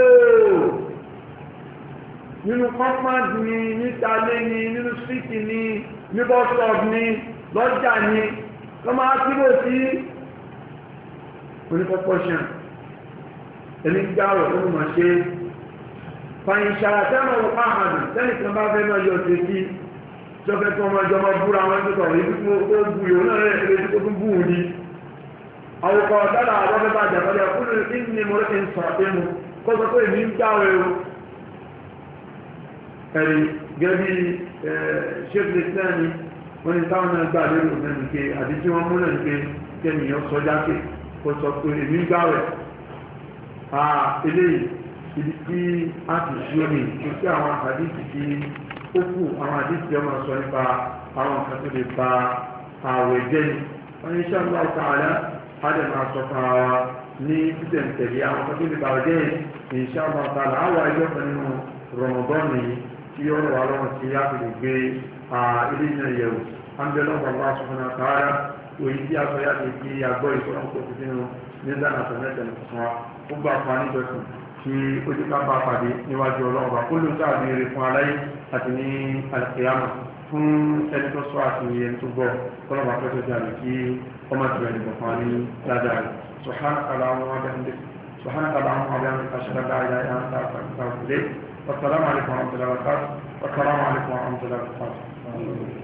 nínú kọ́páǹdì ni níta lé ni nínú síìtì ni ní bọ́sọ̀ọ̀bù ni lọ́jà ni wọ́n máa kílò sí onípọ́pọ́ṣàn ẹni gbáwọ̀ ó mọ̀ ṣe fàyìnṣàrà tẹ́mọ̀ ahàdù tẹ́lì kan bá fẹ́ náà yọ ṣe sí jọ́fẹ́ tó ọmọ ẹjọ́ máa búra wọn tó sọ̀rọ̀ ibi tó ó bu yòó náà rẹ̀ ṣe tó tún bú wù ní àwòkọ̀ ọ̀dọ́là àwọn ọmọ bá jàpọ̀lẹ̀ kúrò ní mọ̀rẹ́kì ń sọ̀rọ̀ pé mu kó sọ pé èmi ń gbáwọ̀ ẹ̀rọ ẹ̀rí gẹ́bí ṣéfìlẹ̀ sẹ́ni wọ́n ní táwọn náà gbà lérò mẹ́rin pé àti tí wọ́n múlẹ̀ pé kẹ́nìyàn sọ jáde kó sọ pé èmi ń gbà rẹ̀ à eléyìí ibi tí a ti ṣí omi kò sí àwọn àdìsí tí ó kù àwọn àdìsí ọmọ sọ nípa àwọn nǹkan tó lè ba ni wọ́n ní ní títẹ̀ àwọn nǹkan tó lè ba ààwẹ̀ jẹ́ yìí ìṣàbọ̀tà tí ó wà lọ́wọ́ tí a fi lè gbé ilé náà yẹ̀wò ámbẹ́lọ́pọ̀ bá sọ́nà tààrà òyí tí a sọ yá ti fi àgbọ̀ ìṣọ́nà kò sí sínú ní dáná mẹ́tẹ̀ nìkan ó gbà fún aníjọsìn tí ó ti kápá pàdé níwájú ọlọ́run bá kólú sáàbí rẹ̀ fún aláyé àti ní àlùkìyàmà fún ẹni tó sọ àti ẹni tó gbọ́ ọlọ́run àpẹẹsẹ̀ ti àmì kí ọmọ ti rẹ̀ nìkan fún wa ní ládàá rẹ̀ sọ̀hánà kàlà àwọn ọmọ abẹ́hàndé sọ̀hánà kàlà àwọn ọmọ abẹ́hàndé والسلام عليكم ورحمة الله وبركاته والسلام عليكم ورحمة الله وبركاته